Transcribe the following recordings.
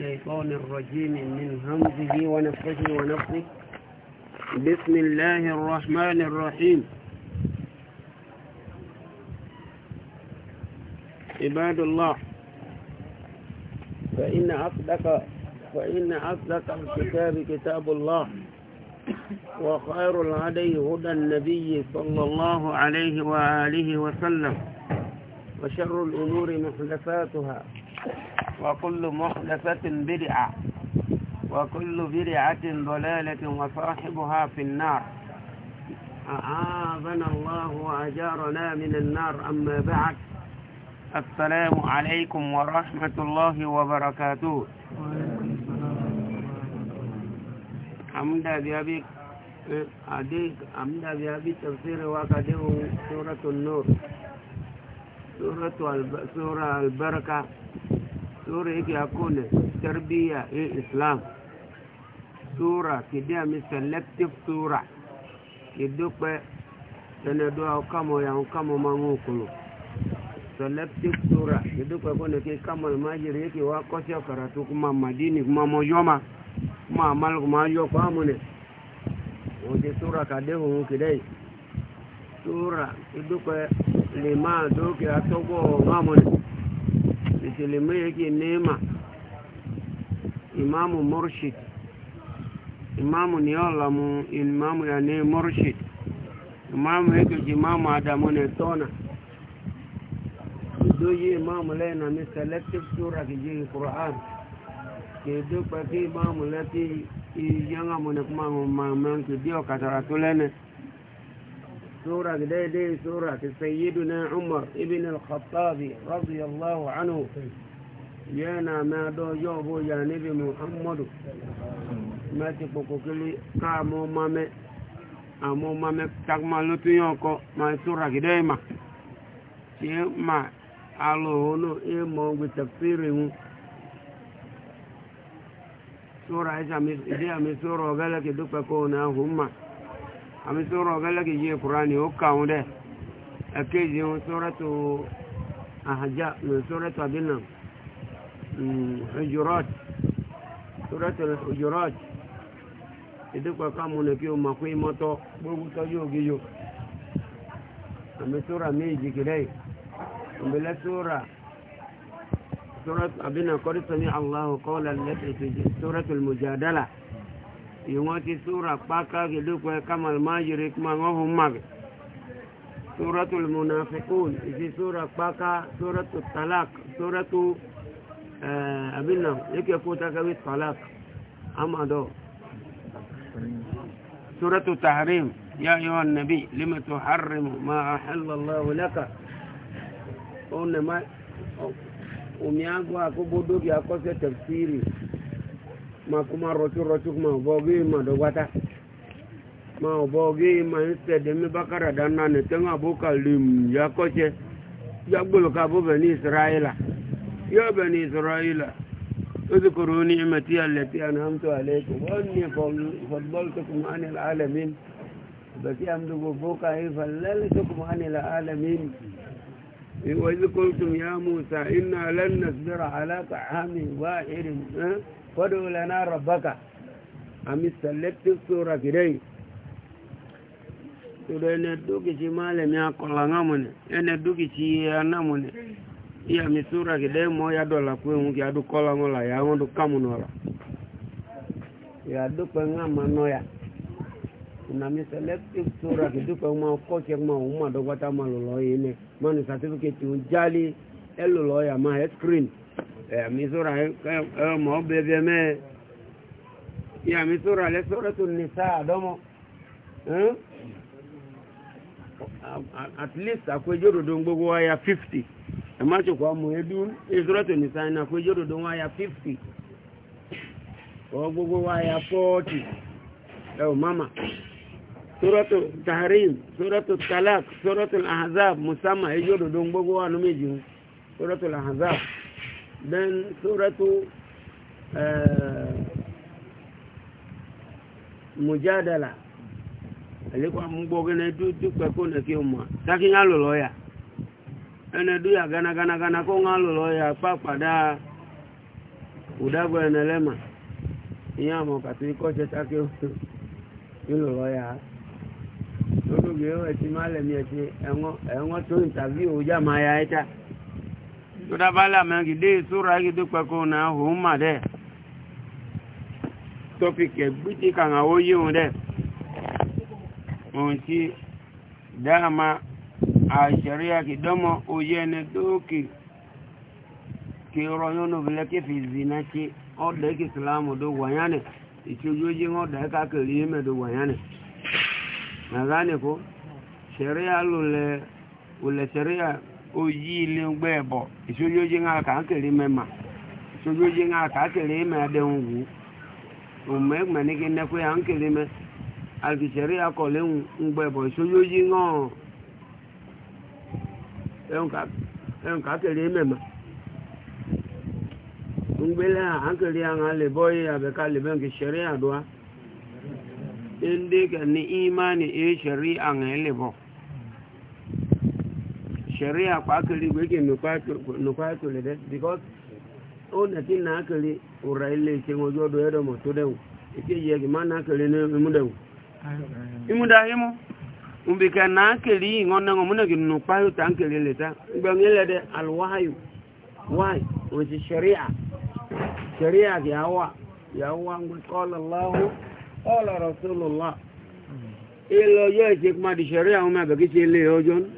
الشيطان الرجيم من همزه ونفسه ونفسه بسم الله الرحمن الرحيم عباد الله فإن أصدق فإن أصدق الكتاب كتاب الله وخير الهدي هدى النبي صلى الله عليه وآله وسلم وشر الأمور محدثاتها وكل محدثة بدعة وكل بدعة ضلالة وصاحبها في النار أعاذنا الله وأجارنا من النار أما بعد السلام عليكم ورحمة الله وبركاته حمد بأبيك أبي حمد بأبي تفسير وقده سورة النور سورة البركة sura yake hakuna tarbiya ya e islam sura kidia mi selective sura kidupe tenedua kamo ya ukamo mangukulu selective sura kidupe kone ki kamo almajiri yake wakosya karatu kuma madini kuma mojoma kuma amal kuma ajo kwa amune odi oh, sura kadehu kidai sura kidupe lima doke atogo ngamune musulmi yake nema imamu murshid imamu ni olamu imamu ya ne murshid imamu yake imamu adamu ne tona doji imamu lena ni selective sura kiji qur'an ke do pa ki imamu lati iyanga mo ne kuma mo man ke dio katara to سورة ليلي سورة سيدنا عمر ابن الخطاب رضي الله عنه يانا ما دو يوبو يا نبي محمد ما تفكوكلي كامو مامي أمو مامي تاكما لتيوكو ما سورة كدايما تيما ألوهنو إيمو بتفسيره سورة إيسا إيسا سورة وغلق دفكونا هما àmì sọ́rọ̀ ọ̀gẹ́lẹ́gì yìí kùránì ó kàún dẹ̀ ẹ̀kẹ́jì wọn sọ́rọ̀tò àhàjá sọ́rọ̀tò àbínà ojúrọ́t sọ́rọ̀tò ojúrọ́t ìdúpọ̀ káàmùnà kí o màkú ìmọ́tọ́ gbógútọ́ yóò gíyò àmì sọ́rọ̀ méjì kìlẹ̀ ìbílẹ̀ sọ́rọ̀ sọ́rọ̀tò àbínà kọ́rìsọ́ ní aláhùn kọ́ọ̀lá lẹ́tẹ̀ẹ́sì sọ́rọ̀tò mùjádálà ìwọ́n ti súra páká gẹ̀lúkọ ẹ̀ kámàlì máa yẹrẹ kí máa wọ́n fún màgẹ̀. súratul munafikun ìfi súra páká súratul talak súratu eh, abinna yake kó takawi talak amado súratu tahrim ya yọ nabi lima tó harrimu ma a hallallahu laka ó nà omi agbo àkókò dókè akọ́sẹ̀ tafsiri ma kuma rotu rotu ma bogi ma dogwata ma bogi ma nse demi bakara danna ne tenga boka lim ya koche ya gbolo ka bo bani israila ya bani israila اذكروا نعمتي التي انعمت عليكم واني فضلتكم عن العالمين بس يمدوا فوق فللتكم عن العالمين وإذ قلتم يا موسى إنا لن نصبر على طعام واحد أه؟ fọ́dọ̀ lẹ́nà rọ̀bọ́kà àmì selective sora kìdẹ́ tòdó ẹni dókìtì máa lẹ̀mí akọ̀là ńàmùnì ẹni dókìtì anàmùnì ìyàmì sora kìdẹ́ mọ́ yàdọ̀là pé òun kì adókọ́lá wọn là yà wọn tó kàmùnà ọ̀là yàdókọ̀ ńàmà nọ́yà ìnàmì selective sora kìdúkọ̀ máa kọ́ kí ẹ máa òun máa dọ́gbọ́tà certificate òun jálè ẹ lò screen ẹ̀mí sọ́ra ọmọ bẹ̀bẹ̀ mẹ́ ìyàmí sọ́ra alẹ́ sọ́ra tó ní sáà dọ́mọ́ at least àpéjọ́ òdòdó gbogbo wáyà 50 ẹ̀má ṣòkò ọmọ ẹdú ìṣọ́ra tó ní sáà ní àpéjọ́ òdòdó wáyà 50 ọ gbogbo wáyà 40 ẹ̀wọ̀ mama sọ́ra tó tahrim sọ́ra tó talak sọ́ra tó ahazab musamman ẹjọ́ òdòdó gbogbo wà nú méjì sọ́ra tó then suratu eh, mujadala alikuwa mbogene tu tu kwa kona kio mwa taki ngalo loya ene du ya gana gana gana ko ngalo loya papa da udago enelema iyamo katiko che taki ilo loya lórí ìwé ẹtì má lẹ̀mí ẹtì ẹ̀wọ̀n tó ìtàbí òjá máa ya ẹta yoda bala mangi de sura gi du kwa na huma de topic e biti kan a oye un de on ti dama a sharia ki domo oye ne doki ki ro yono bile ki fi zina ki o de ki islamu do wayane ichi ojoji ngo de ka ke ri me do wayane na gane ko sharia lule ule sharia oyi ile ụgbọ ebo isoji oji ha ka akere ma isoji oji ha ka akere ime adịngwu omume egmene gị nnekwe ya nkere me alkisere ya kọle ụgbọ ịbọ isoji oji ṅụọ lebo kàákèrè mẹ́mà ń lebe àákèrè àwọn alẹ́bọ́yé àbẹ̀kálẹ̀ ndị ṣẹ̀rí àdúwá ẹ̀ndẹ́kẹ̀ ní ìmáni èé ṣẹ̀rí àwọn sheria akpakele gbege nukwato le de because o nati na akele ura ile ise ŋoju ọdọ ẹdọ mọ to dẹwù ike yi ẹgbẹ ma na akele ní imu dẹwù imu da imu nbika na akele yi ŋọ nẹŋọ múnagi nukwayo ta nkele le ta gbẹ̀mí lẹ dẹ aluwayo wáyé wọn ti sheria sheria kì á wà yà wà ŋgbẹ kọlọ lọhù kọlọ rọsùlù lọ ilọ yọ ẹsẹ kuma di sheria wọn ma bẹ kí ṣe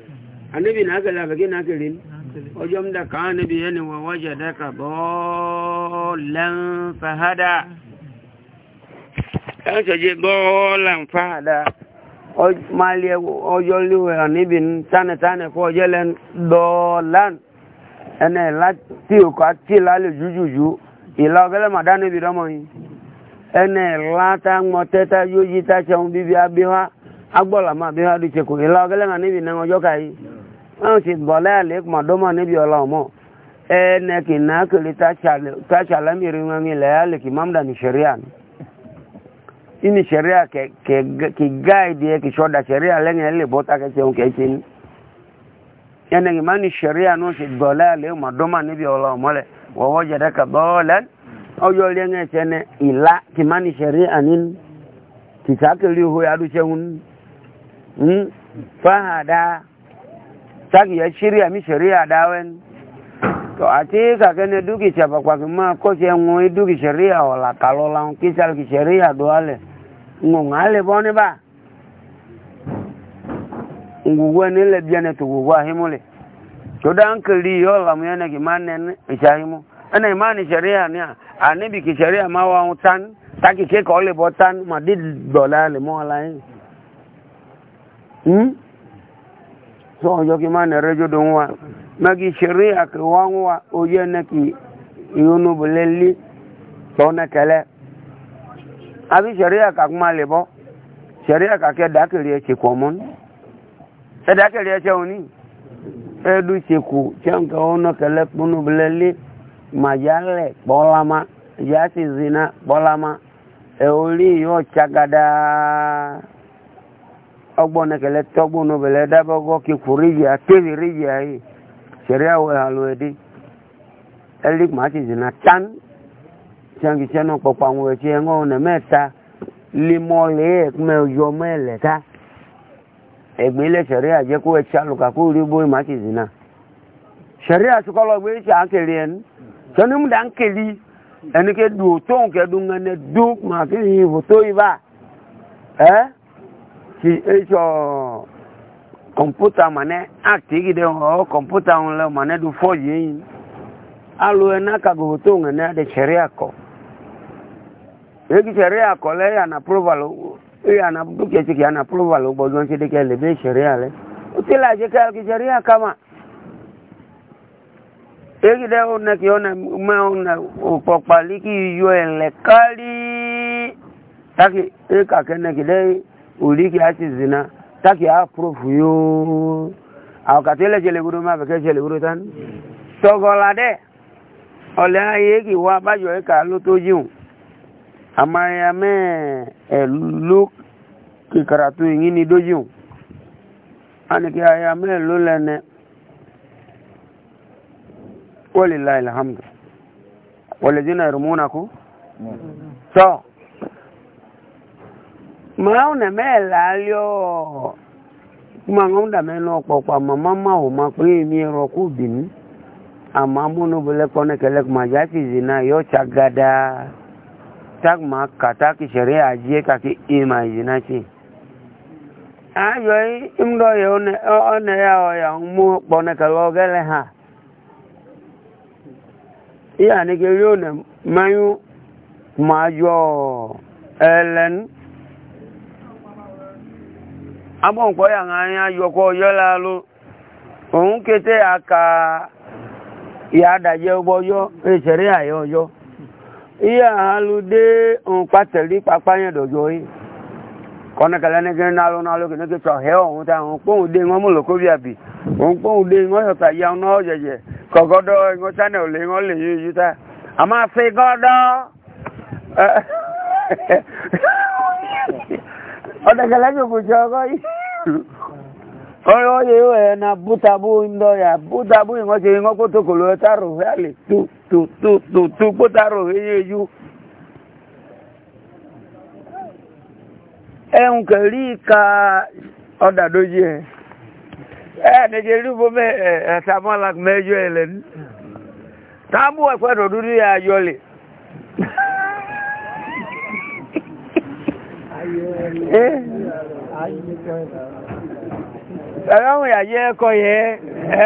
anabi na akele abege na akele ọjọ́ mdá kan anabi ẹni wọ wọ́jẹ̀ dẹ́ka bọ́ọ̀lẹ́n fahada ẹ̀sọ̀jẹ̀ bọ́ọ̀lẹ́n fahada máàlì ọjọ́ líwẹ̀ anabi tánẹ̀tánẹ̀ kọ́ ọjọ́ lẹ́n dọ́ọ̀lẹ́n ẹnẹ̀ láti òkú àti ìlàlẹ̀ jújùjú ìlà ọ̀gẹ́lẹ̀ màdá níbi rọmọ yìí ẹnẹ̀ láta mọ́tẹ́ta yóò yí tá ṣẹun bíbí abíwá agbọ́làmọ́ abíwá dùchẹ̀kù ìlà ọ̀gẹ́lẹ̀ màdá níbi náà ọjọ́ kàyí wọn ti gbọ́lẹ́ àlékùmọ̀ dọ́mọ̀ níbi ọ̀la ọ̀mọ́ ẹnẹ kì í náà kele táṣàlámìrì wọn ilẹ̀ àlèkì mọ́mdà ní sẹ̀ríà ni inú sẹ̀ríà kì gáàdì ẹ kì sọ́dà sẹ̀ríà lẹ́yìn ẹ lè bọ́ tákẹ́sẹ̀ òun kẹ́sẹ̀ ni ẹnẹ kì máa ní sẹ̀ríà náà ti gbọ́lẹ́ àlékùmọ̀ dọ́mọ̀ níbi ọ̀la ọ̀mọ́ lẹ̀ wọ́wọ́ jẹ̀dẹ́ kà bọ́ọ̀lẹ́ ọjọ́ lẹ́yìn ẹ̀sẹ̀ ní saki ya shirya mi shari'a dawen to a ti ka kene duki chapa kwa kima ko che ngoi duki shari'a wala kalola kisal ki shari'a duale ngongale bone ba ngugwe ni le biane tugugwa himule to dan kali yo la muyana ki manen ishahimu ana imani shari'a ni anibi ki shari'a ma wa utan taki ke ko le botan ma did dolale mo la hmm so yoki mane rejo donwa magi sheria ke wangwa oyene ki yunu buleli sona kele abi sheria ka kuma lebo sheria ka ke dakiri eche komon e dakiri eche oni edu cheku chenka ono kele kunu buleli majale bolama ya yasi zina bolama eoli yo chagada ọgbọ́n kẹlẹ́ tọ́gbọ́n obìnrin dábọ́gọ́ kíkù ríyì àtẹ́rì ríyì ayé ṣẹ̀rí àwọ̀ àlọ́ ẹ̀dẹ́ ẹ̀lík màtí zìnà tán ṣàǹkìṣẹ́ náà pọ̀pọ̀ àwọn ẹ̀ṣẹ́ ẹ̀ngọ́ ọ̀nà mẹ́ta limọ́lẹ̀ ẹ̀kúnmẹ́ ọjọ́ mẹ́lẹ̀ta ẹ̀gbẹ́lẹ̀ ṣẹ̀rí àjẹkù ẹ̀ṣẹ́ alùkàkù rí bóyí màtí zìnà ṣẹ̀rí àṣùkọ́lọ́ gbé ṣe àǹkèrè ẹ̀nu sọ́ni mú dà ń kèlí ẹnikẹ́ dùn tó màtí ìfòtó ibà ẹ́ si etsɔ kɔmputa mane akti gi de ɔ kɔmputa ŋu le mane do fɔ yeyin alo ena kagogo to ŋene de sariya kɔ eki sariya kɔ lɛ yana provalo yana dukia tsiki yana provalo gbɔdɔn tsi de kɛ lebe sariya lɛ o ti la tsika eki sariya kama eki de o ne ki o ne mɛ o ne o kpɔkpali ki yɔ ɛlɛ kali taki eka kɛ ne ki de uliki ati zina taki aprofu yo awokatele celeguro ma feke celeguro tan togolade ole aye ki wa bajo e ka lo to jiun amaya me e lu ki karatu yin ni dojiun ani ki aya me la lene walillahi alhamdu walladhina yarmunakum mm. so màá nà mẹ́ẹ̀lá lé ọ̀ kuma ŋa da mɛ nɔ kpɔkpɔ mama ma o ma ko ye mi yɔrɔ e ko bini a ma mɔnɔ bɛlɛ kɔnɛ kɛlɛ kuma ja ti zina yɔ ca tak ma ka ki sari a jie ka ki e ma zina si a yɔ ye im dɔ ye ɔnɛ ɔnɛ ya ɔ ya mo kpɔnɛ kɛlɛ ɔ gɛlɛ ha iya ne ke yɔ ne mayu kuma jɔ ɛlɛnu. E abọ́nkọ́ yà ń anya yọkọ yọ́la ló òun kété àkà ìyádàjẹ́ ọgbọ́yọ́ ìṣẹ̀rẹ́ àyẹ́ ọjọ́ iye àhálùdé òun pàtẹ̀lí pápá yẹn dọ̀jọ́ yìí kọ́nẹ́kẹ̀lẹ́ ní kí ní alọ́ náà lókè ní kí tọ̀ hẹ́ ọ̀hún ya ọ̀nà ọ̀jẹ̀jẹ̀ kọ̀gọ́dọ̀ ẹ̀gbọ́n sánẹ̀ òlé wọn lè yí yí tá ọ̀dọ̀gẹ̀lẹ́gbẹ̀ bùjọ ọgọ́ yìí ọ̀rọ̀ ọ̀yẹ̀ yóò ẹ̀ na bútabú ńlọ́yà bútabú ìwọ́n ṣe tu tu tu kòlò ẹ̀tàrò fẹ́lẹ̀ tó tó tó tó tó pótàrò eyéyú ẹ̀hùn kẹrí ka ọ̀dàdójì ẹ̀ ẹ̀ẹ́dẹ̀jẹ̀ rúbọ mẹ́ ẹ̀ẹ́sàmọ́lá mẹ́jọ ẹ̀lẹ́ni do ẹ̀fẹ́ dọ̀dúrí ayọ́lẹ̀ ẹlọ́run eh? yà yẹ ẹkọ yẹ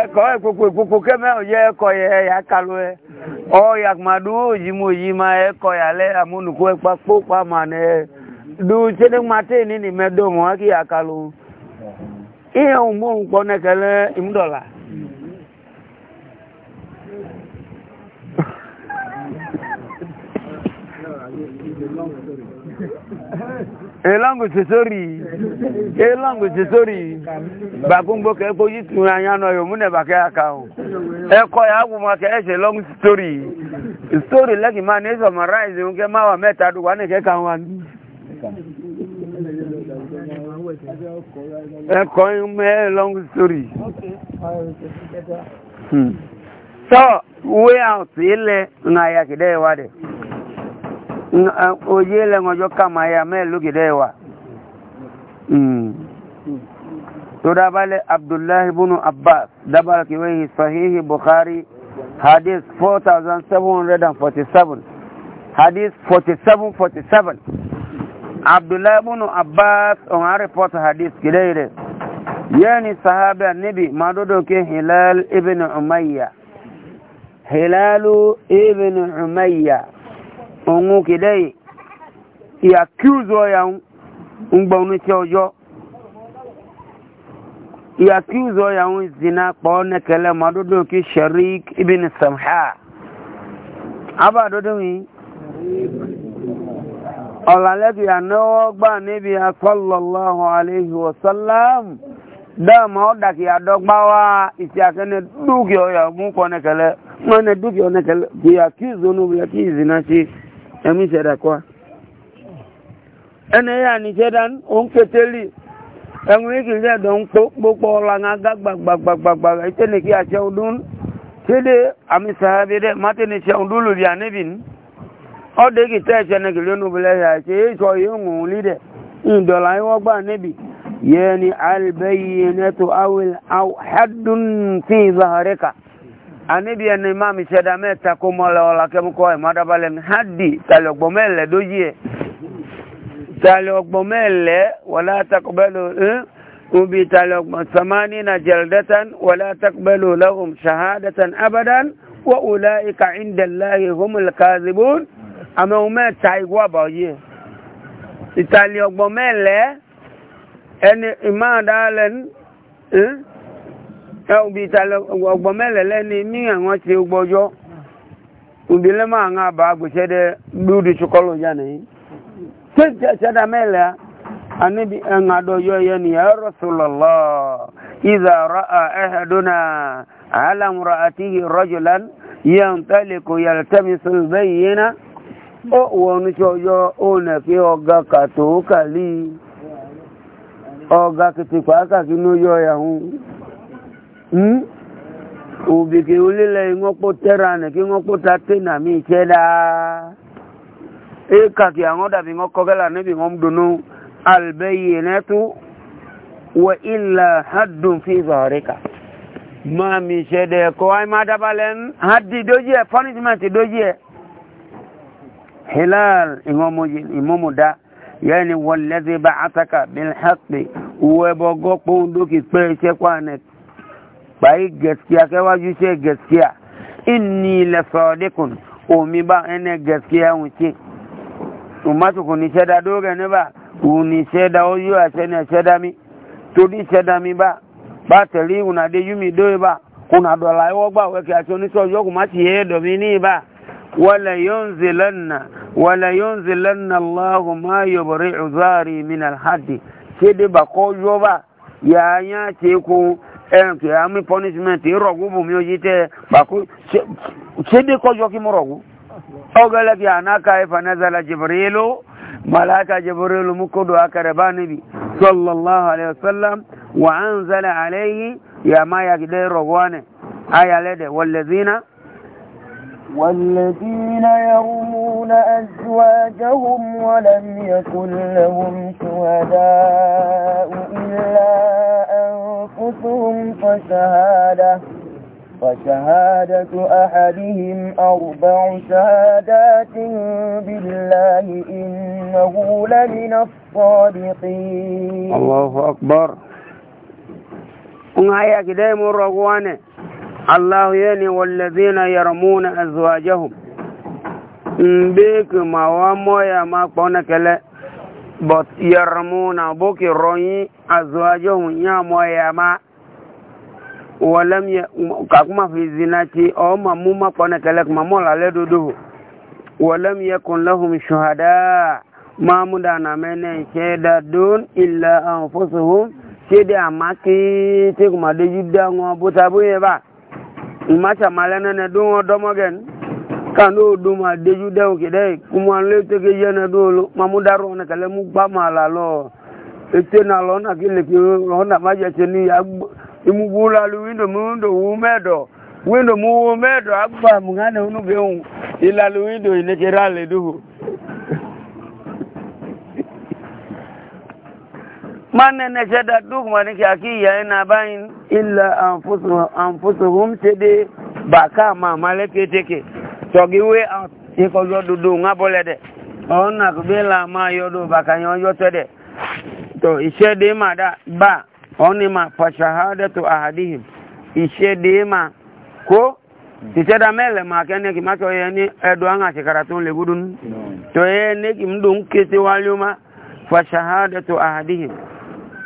ẹkọ ìkpokpo ìkpokpo kẹ́mẹ́ ò yẹ ẹkọ yà kalu ọ ẹkọ yà lẹ amúnukú ẹkpa kpó pàmò àná ẹ do tẹnumate nínú mẹdọmọ ẹkì yà kalu ihe elangu sesori elangu sesori bakungbo ka ekpo tụrụ anya nọ yo mune baka e ya ka o ẹkọ ya agwụ ma ka ẹsẹ e long story story lẹki ma na ịsọ ma rice nke ma wa mẹta dùgbà na kẹka wa ni. ẹkọ e mẹ long story. Hmm. so way out ilẹ̀ ńlá ya kìdẹ́ wa dẹ̀. oye lẹ́ngọjọ́ kàmá ya mẹ́lúgìdẹ́ wa mm. tódà balẹ̀ abdullahi bunu abbas dábàlá kí wéyìn sahihi bukhari hadith 4747 hadith 4747 abdullahi bunu abbas on a report hadith kìdẹ́ rẹ̀ yẹ́ni sahabi annabi ma dodo ke hilal ibn umayya hilalu ibn umayya òun kìdẹ́ ìyàkíùzọ ya ń gbọ́ ní tí ọjọ́ ìyàkíùzọ ya ń zina pọ̀ nẹ́kẹ̀lẹ́ mọ́dúdú kí sharik ibn samha abá dúdú yìí ọ̀làlẹ́bí ànáwọ́ gbà níbi akọlọ̀lọ́hùn aléhi wasallam dáàmà ọ̀dàkì àdọ́gbáwá ìtì àkẹ́ni dúkìá ọ̀yà mú kọ́ nẹ́kẹ̀lẹ́ mọ́ ní dúkìá nẹ́kẹ̀lẹ́ ìyàkíùzọ ní ìyàkíùzọ náà ṣe ẹ̀mí ìṣẹ̀dá kọ́ ẹnẹ yà ní ìṣẹ̀dá òun pétélì ẹ̀wọ̀n ìkì ìṣẹ̀dá ń pópó ọ̀lànà gbàgbàgbàgbàgbà ìtẹ́nìkì àṣẹ ọdún tẹ́lẹ̀ àmì sàábì dẹ́ mátẹ́ni ṣe ọdún lòdì ànẹ́bì ní ọdẹ kì tẹ́ ẹ̀ṣẹ̀ nìkì lónú bẹ̀lẹ̀ yà ṣe é sọ ìhùn lídẹ̀ ìdọ̀là ìwọ́ gbà ànẹ́bì yẹni albayyinatu awil hadun fi anibi ẹni máa mi ṣẹ̀dá mẹ́ta kó mọ́ lọ lákẹ́mùkọ́ ẹ̀mọ́ adábalẹ̀ mi hádì tàlẹ̀ ọgbọ̀n mẹ́lẹ̀ lójí ẹ̀ tàlẹ̀ ọgbọ̀n mẹ́lẹ̀ wọlé atakọ̀bẹ́lò ń ubi tàlẹ̀ ọgbọ̀n samani na jẹ̀lẹ́dẹ́tàn wọlé atakọ̀bẹ́lò lọ́hùn ṣahádẹ́tàn abadan wọ́n wùlá ìka ìndẹ̀láyè homil àmọ́ mẹ́ta igbó àbáyé ìtàlẹ̀ mẹ́lẹ̀ ẹni ẹ̀hùn bíi ìtàlẹ̀ ọgbọ̀n mẹ́lẹ̀lẹ́ ni ní àwọn ti gbọ́jọ́ òbílẹ̀ máa ń bá agbèsẹ́ dẹ lórí ṣokọ́lù yá nìyí tí ṣẹ́dá mẹ́lẹ̀ anábì ẹ̀hùn àdọ́jọ́ yẹ ni ẹ̀rọ sọlọ́lọ́ ìzà rọ ẹ̀hẹ́dúnà àlàmùrọ̀ àti ìrọ́jùlán yẹn tẹ́lẹ̀kọ̀ yàtẹ́mísùn bẹ́yìí yẹn náà ó wọnú ṣọjọ́ ó nà fi ọgá kàtó kàlí ọgá kìtìpá kàkínú yọ yàhùn obìnrin hmm? olílẹ̀ ìwọ́pọ̀ tẹ́ra nì kí wọ́pọ̀ ta tẹ́nà mí ìṣẹ́ dáa éka kì àwọn dàbí wọ́n kọ́kẹ́lá níbi wọ́n dùnú albẹ́yẹ nẹ́tú wọ ilẹ̀ hadùn fi zọ̀ríkà máa mi ìṣẹ́ dẹ̀ kọ́ ayé má dábàlẹ̀ ń hadi dójú ẹ̀ punishment dójú ẹ̀ hilal ìmọ̀mọ̀dá yẹ́ni wọ́n bá àtàkà bí wọ́n bọ́ gọ́pọ̀ dókì pé iṣẹ́ kwánẹ̀kì bai gaskiya kai waju ce gaskiya inni la sadiqun o mi ba ene gaskiya wuce umma su kuni sheda doga ne ba uni sheda o yu a shene sheda mi to di sheda mi ba ba tẹ̀lé una de yumi do ba una do la wo gba we ki ati oni so yoku ma ti e do mi ni ba wala yunzilanna wala yunzilanna allah ma yubri'u zari min al-hadd kede ba ko yo ba ya nya ce ko ẹn kì í àmì punishment ìrọ̀gù bùnmi oyè tẹ pàkó ṣédé kọjọ kí mo rọ̀gù. ọgọlẹ kí anaka ẹ fanazala jibrilu malaka jibrilu mu kodo akẹrẹ bá níbi sallallahu alayhi wa sallam wa anzala alayhi yàmá yàgídé rọ̀gù wa ni والذين يرمون أزواجهم ولم يكن لهم شهداء إلا أنفسهم فشهادة فشهادة أحدهم أربع شهادات بالله إنه لمن الصادقين الله أكبر أنا يا كده الله يني والذين يرمون أزواجهم بك ما وامو يا ما قونا كلا بط يرمون بك الرؤي أزواجهم يا مو يا ما ولم ي... كما في زناتي أو ما مو ما قونا كلا ما مولا لدوده ولم يكن لهم شهداء ما مدانا من شهدا دون إلا أنفسهم شهدا ما كي تكما دجدا وابو تابو يبا macha malene ne dungo domogen kando duma deju dew ki dey kuma le tege yene dulu mamu daro ne kale mu ba mala lo ete na lo na kile ki lo na maje cheni ya imu e bula lu windo mundo umedo windo mu umedo agba mungane unu geun ila e lu windo ile kerale duhu man na shada duk wani shaki yayin na bayin illa anfusuhum sai dai ba ka ma malafe take to giwe an iko yo dudu nga bole de on na ko bela ma yo do ba kan yo to de to ise de ma da ba on ni ma fa shahadatu ahadihim ise de ma ko tise da mele ma kene ki ma to ye ni edo an ase karatun le gudun to ye ne ki mdun kete waluma fa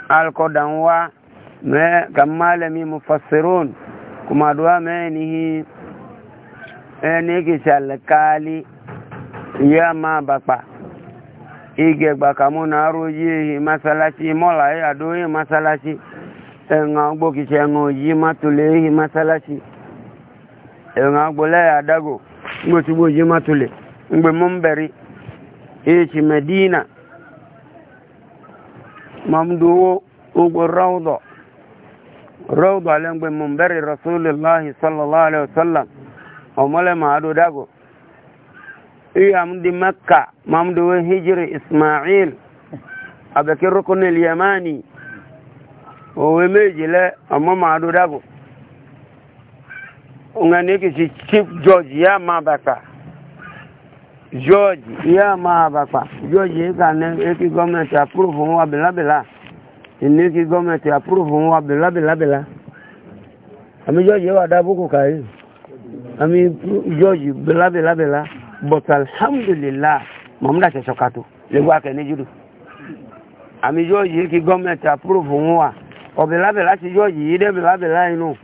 alkodan wa me kan malami mufassirun kuma duwa me nihi eni kisi alkali ya ma bakpa ige gbakamu na aroye masalasi mola ya doye masalasi ẹ̀ràn agbó kìí ṣe ẹ̀ràn yìí má tó lè rí mọ́sálásí ẹ̀ràn agbó lẹ́yà àdágò ngbòtúgbò yìí má tó lè ngbè mọ́ mamduwo ugu rawdo rawdo alengbe mumberi rasulillahi sallallahu alaihi wasallam omole maadu dago iyamdi makka mamduwo hijri ismail abeki rukunil yamani owe meji le omo maadu dago ngani kisi chief george ya mabaka george yóò máa bàpà george yìí kà ní ekí gọ́ọ̀mẹ̀ntì àpúròfò ń wá bìlábìlá ìní ekí gọ́ọ̀mẹ̀ntì àpúròfò ń wá bìlábìlábìlá àmì george yóò wà dá boko kàrí àmì george bìlábìlábìlá but alhamdulilah mọ̀múdà ṣẹ̀ṣọ̀ kàtó lẹ́gbọ́ akẹ́ ní jùlọ àmì george yìí kí gọ́ọ̀mẹ̀ntì àpúròfò ń wà ọ̀bìlábìlá ti george yìí dẹ́bìlábìlá inú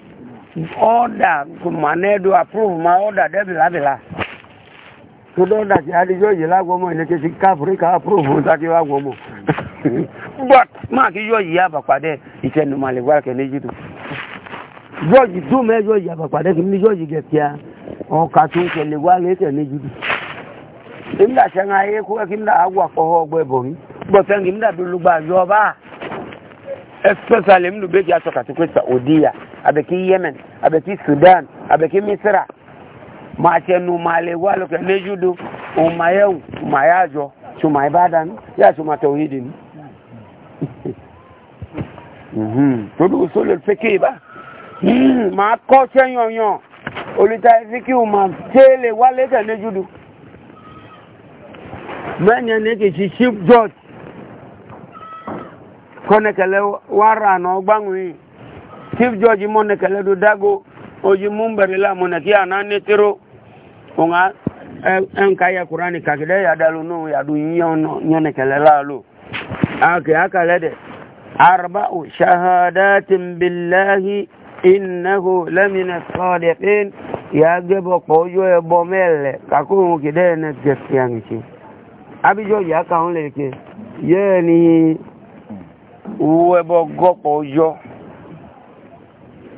ọ̀dà kò mà ní ẹ̀dùn àpúròfò máa ọ̀dà dẹ́bìlábìlá. tó dọ́dà tí adijọ́ yìí si ìlẹ́kẹ́ sí káfíríkà àpúròfò tàbí wàgbọ́mọ̀ but máa kí yọ yìí àbàpàdé ìṣẹ́numọ̀ àlègbàkẹ́ ní jùlọ yọ́ọ̀jì tó mẹ́jọ yìí àbàpàdé kì ní yọ́ọ̀jì gẹ̀kíà ọkà tó ń kẹlẹ̀ wá lẹ́kẹ̀ ní jùlọ nígbà tí a yẹ kó kí nígbà àwọ̀ àpọ̀họ́ ọgbọ́ mi gbọ̀tẹ́ kí nígbà tó lùgbà especially yemen sudan àbẹ̀kí misra máa tẹnu máa lè wá lókè léjúdo òun máa yẹ̀wù máa yá àjọ tó máa bá dání yá tó máa tẹ̀wé yìí dèmí. tó dùn sólè pékè bá máa kọ́ sẹ́yọ̀yàn olùta fíkìú máa tẹ́lẹ̀ wá lẹ́tẹ̀ léjúdo. mẹ́nyẹn ní kì í ṣe chief judge kọ́nẹ̀kẹ̀lẹ̀ wàrà náà gbáhùn yìí chief judge mọ́nẹ̀kẹ̀lẹ̀ tó dágó oji mumbari la munaki anane tiro onga enka ya kurani kakide ya dalu no ya du nyono nyone kelela lu ake akalede arba'u shahadatin billahi innahu lamina sadiqin ya gebo kojo e bomele kakun kide ne gesianchi abijo ya kaun leke ye ni uwe bo gopo yo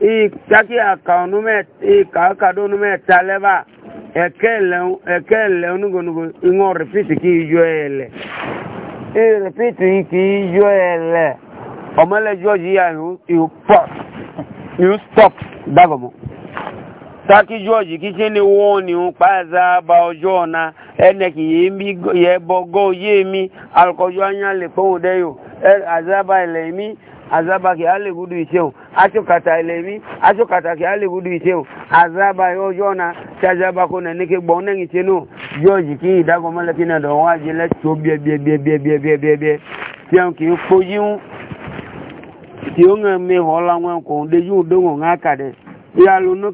ìtàkì àkànnú mẹ ìkàkàdónú mẹ talẹba ẹkẹ lẹ onugonugo rìpítì kì í yọ ẹ rìpítì kì í yọ ẹ lẹ ọmọlẹjọ yóò stop dàgbọmọ taki george ni wọ́n ni ń pa àzába ọjọ́ ọ̀nà ẹnẹkì yìí bí yẹ bọ́gọ́ yé mi alùkọ́jọ́ mi azaba kì á lè gudu ìṣeun aṣọkàtà ilẹ̀mí aṣọkàtà kì á lè gudu ìṣeun azaba ọjọ́ na tí azaba kò nẹ̀ ní kí gbọ́n náà ìṣe nù george kí ìdágọ́ mọ́lẹ́kí náà dọ̀wọ́ ajé bíẹ́bíẹ́bíẹ́bíẹ́bíẹ́ tí wọn kì í fojú tí ó ń mi láwọn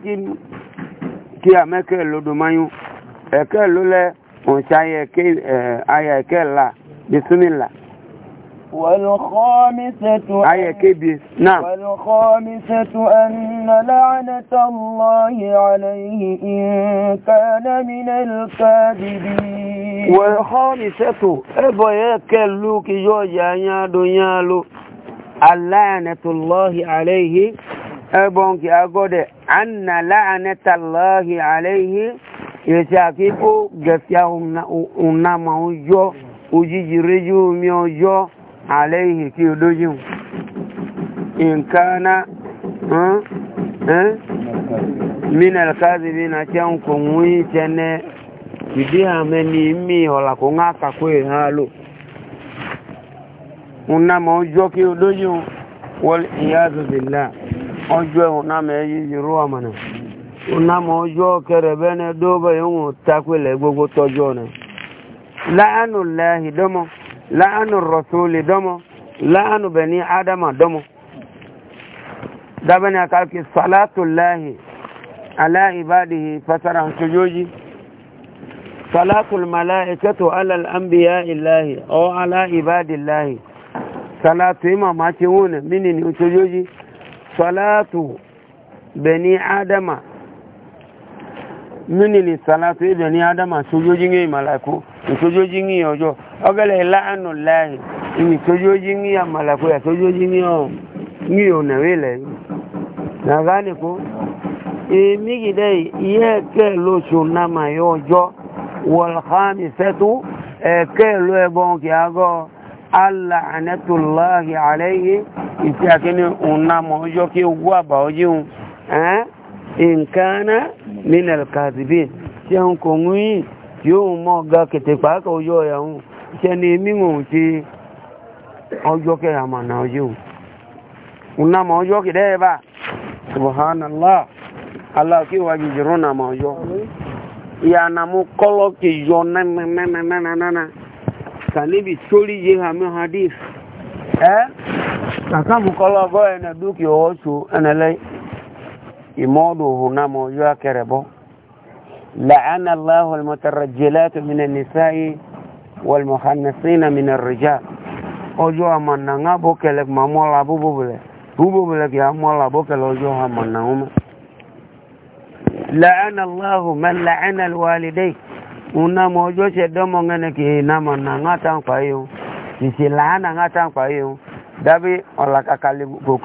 kí kí àmẹ́kẹ́ mayún ẹ̀kẹ́ ló lẹ́ والخامسة آية كبير نعم والخامسة أن لعنة الله عليه إن كان من الكاذبين والخامسة أبا يكلوك جوجا يادو يالو اللعنة الله عليه أبنك أقول أن لعنة الله عليه يشاكيكو جفيا أمنا أمنا أجيجي رجو مي أجيجي alaihi kí olóyìn nǹkan minal kazi bi na kyan kunwi tene ìdí àmì ni mi ọ̀là kò ń ha ìhàn lò ọjọ ná mọ̀ ọjọ́ kí olóyìn wọ́n ìyá ọjọ ọjọ́ ìhùn náà mẹ́ na irú ọjọ ń ná mọ̀ ọjọ́ kẹrẹ̀bẹ́ni gbogbo láàánú lẹ́hìn la'anu rasuli domo la'anu bani adama domo dabani akalki salatullahi ala ibadihi fasara sojoji salatul mala'ikatu ala al'ambiya illahi o ala ibadillahi salatu ima mace wune mini ne sojoji salatu bani adama mini li salatu ibe ni adama sojoji ngi malaku sojoji ngi ojo ogele laanu lahi ni sojoji ngi ya malaku ya sojoji ngi o ngi o na wele na gani ko e migi dai ye ke lo shuna ma yojo wal khamisatu e ke lo e bon ki ago allanatullahi alayhi iti akini unamo ojo ki ugwa ba ojiun eh in kana minal kazibin tí a ń kò ń yí tí ó mọ́ ga kètè ni mímọ̀ tí ọjọ́ kẹrà mà náà yí o una mọ̀ ọjọ́ kìdẹ́ ẹ̀ bá subhanallah allah kí wàá jìjìrò nà mọ̀ na ìyànà mú ìmọ́ọ̀dù òhun náà mọ̀ yóò kẹrẹ̀ bọ́. لعن الله المترجلات من النساء والمخنثين من الرجال ojo amana nga bokele mamola bubule bubule ya mola bokele ojo amana uma la'ana allah man la'ana alwaliday una mojo se domo ngene ki na mana nga tan kwa yo si la'ana nga tan kwa yo dabi ola kakali go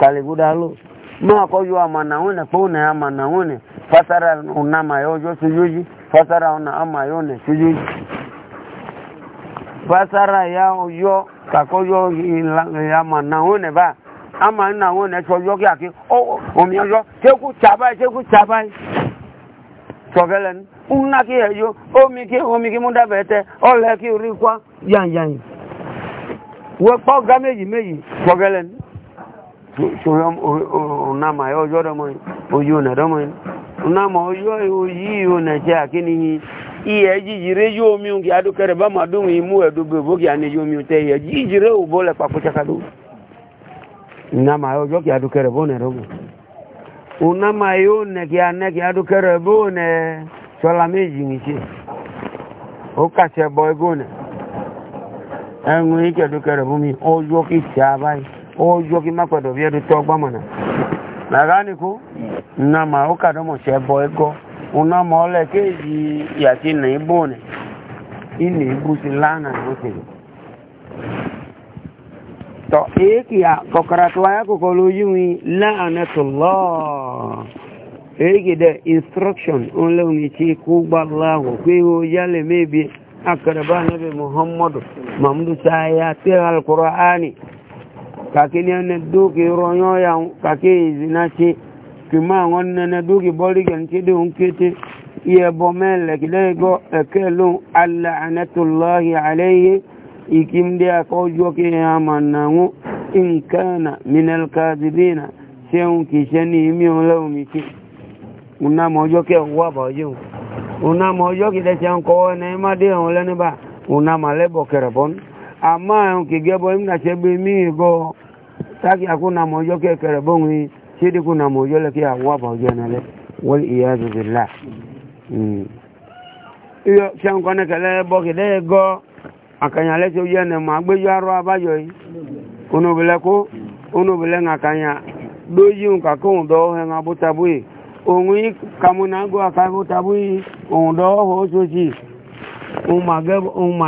ma ko yo amanaone po na amanaone fasara una mayo yo suyuji fasara una amayone suyuji fasara ya yo kako yo amanaone ba ama na won e so yo ki aki o omi yo teku chaba teku chaba sogelen una ki yo omi ki omi ki munda bete o le ki ri kwa yan yan wo po ga meji meji sogelen ṣùgbọ́n ọ̀nàmà ọjọ́ ọmọ ojú ọ̀nà ọmọ ọ̀nàmà ọjọ́ yìí ọ̀nà jẹ́ àkíní iye jíjìrẹ́ yóò mú kí adókẹrẹ bá máa dùn ìmú ẹ̀dùgbò ìbókì àní yóò mú tẹ́ iye jíjìrẹ́ ò bọ́ lẹ papọ̀ ṣakadó ọ̀nàmà ọjọ́ kí adókẹrẹ bọ́ nẹ̀ ọmọ ọ̀nàmà yóò nẹ̀ kí anẹ́ kí adókẹrẹ bọ́ nẹ̀ sọlá méjì nìṣe ó kàṣẹ bọ́ ẹgbọ́n nẹ̀ ẹ̀rùn ìkẹ́dókẹrẹ bọ́ mi ọjọ́ kí ṣe abáyé ó yọ kí má pẹ̀dọ̀ bí ẹ̀dù tọ́ gbọ́mọ̀nà làgánikú nàmà ó kàdọ́mọ̀ ṣẹ́ bọ ẹgọ́ ònàmọ̀ ọlẹ̀ kéèjì ìyàtí nà ibò nì ìnì ibù sí lánà lókè tọ́ èékì kọ̀kọ̀rà tó wáyé kòkó lójú mi tó lọ́ èékì dẹ instruction kú gbà láwọ̀ pé yálẹ̀ muhammadu sáyà tẹ́ áni kakini ene duki ronyo ya kaki izinachi kima ngonne ne duki boliga nkidi unkiti iye bomele kidego ekelu allanatullahi alayhi ikimde akojo kiyama nangu in kana min alkadibina seun kisheni imi oleu miki àmọ́ àwọn kìgẹ́bọ ìmúnàṣẹ́ gbé míì gọ́ táàkì àkónàmọ̀ ọjọ́ kẹkẹrẹ bóun ṣé dínkùnàmọ̀ ọjọ́ lẹ́kẹ́ àwọn àbàwọ̀jọ́ náà lẹ́ wọ́n ìyá tuntun là. Hmm. iyo sẹ́wọ̀n kan ní kẹlẹ́ bọ́ kìdẹ́ gọ́ àkànyà lẹ́sẹ̀ ojú ẹ̀nà mọ́ agbẹ́jọ́ arọ abájọ yìí onóbìlẹ̀ kó onóbìlẹ̀ ń àkànyà lójú nǹkan kóhùn dọ́ọ́ hẹ́ ń abótabó yìí òun yìí kàmúnà gọ́ àkàbótabó yìí òun dọ́ọ́ hó sósì òun mà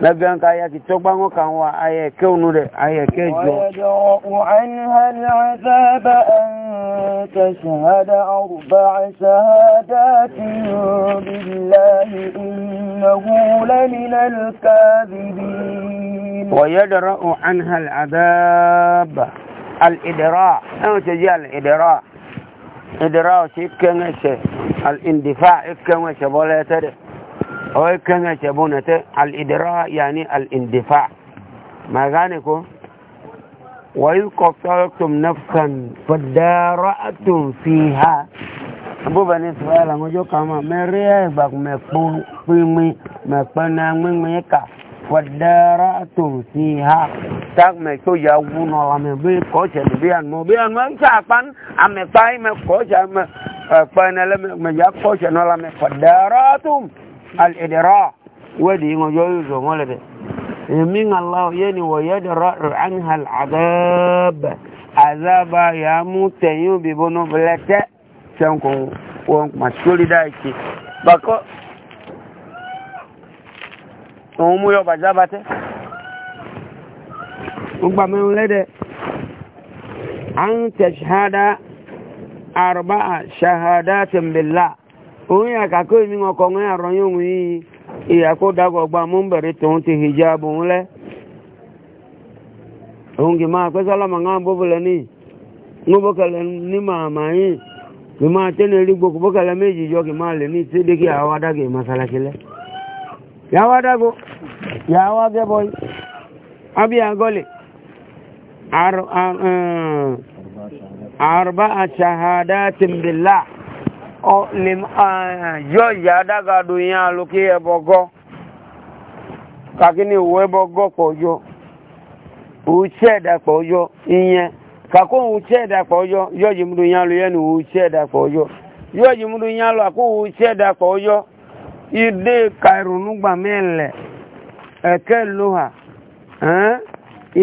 لبيان كايا كتوبا وكان وايا كونور ايا كيجو ويدعو عنها العذاب ان تشهد اربع شهادات بالله انه لمن الكاذبين ويدرأ عنها العذاب الادراء او تجي الادراء ادراء شيء كان الشيء الاندفاع كان شيء ولا تدري wai kana shabo na ta al'idira yani al'indifa ma gane ko wai kwaftartum nafsan fadara'atun fiha abubuwa ne su fara langojo kama mẹ́rẹ́ ẹgbà mẹ́pínmi mẹ́pẹ́nà mímí ka fadara'atun fiha tak mẹ́tò ya wúnà lámẹ́ bí kọ́ọ̀ṣẹ́ bí àná bí àná ń sàpán àmẹ́pá mẹ́kọ́ọ̀ṣẹ́ mẹ́pẹ́nà lẹ́mẹ́ ya kọ́ọ̀ṣẹ́ náà lámẹ́ fadara'atun fiha al'idira wadda yi majo yi zo mole da yamin Allah ya ni wa ya da ra'ar an hal'adaba azaba ya mutu yi bi bono bulata can kun wọn masu da ake bako ohun mu yọ bàjá bá tẹ́ gbogbo mẹ́rin lẹ́dẹ̀ an tẹ̀ arba'a shahadatin billah onye ya ka komi ọkọ nwe ya rọnye onwe iyi ìyàkódàgọ̀gba mú bẹ̀rẹ̀ tòun ti hijab ń lẹ́ òun kì máa pẹ́ sọ́lọ́mà ń bóbulẹ̀ ní gbóbókẹlẹ̀ ní màmá yìí kì máa tẹ́lẹ̀ rí gbogbo bókẹlẹ̀ dị jọ kì máa lè ní sídìkì àwọn adágè masalasi Arụba yọ ìyá dágàdo yẹn alókè ẹbọgọ kàkínní òwò ẹbọgọ pọjọ òwútsẹ ẹdá pọjọ ìyẹn kàkó òwútsẹ ẹdá pọjọ yọ jìmúdu yẹn aló yẹn òwútsẹ ẹdá pọjọ yọ jìmúdu yẹn aló àkó òwútsẹ ẹdá pọjọ ìdè kàìrùnúgbà mẹlẹ ẹkẹ lóha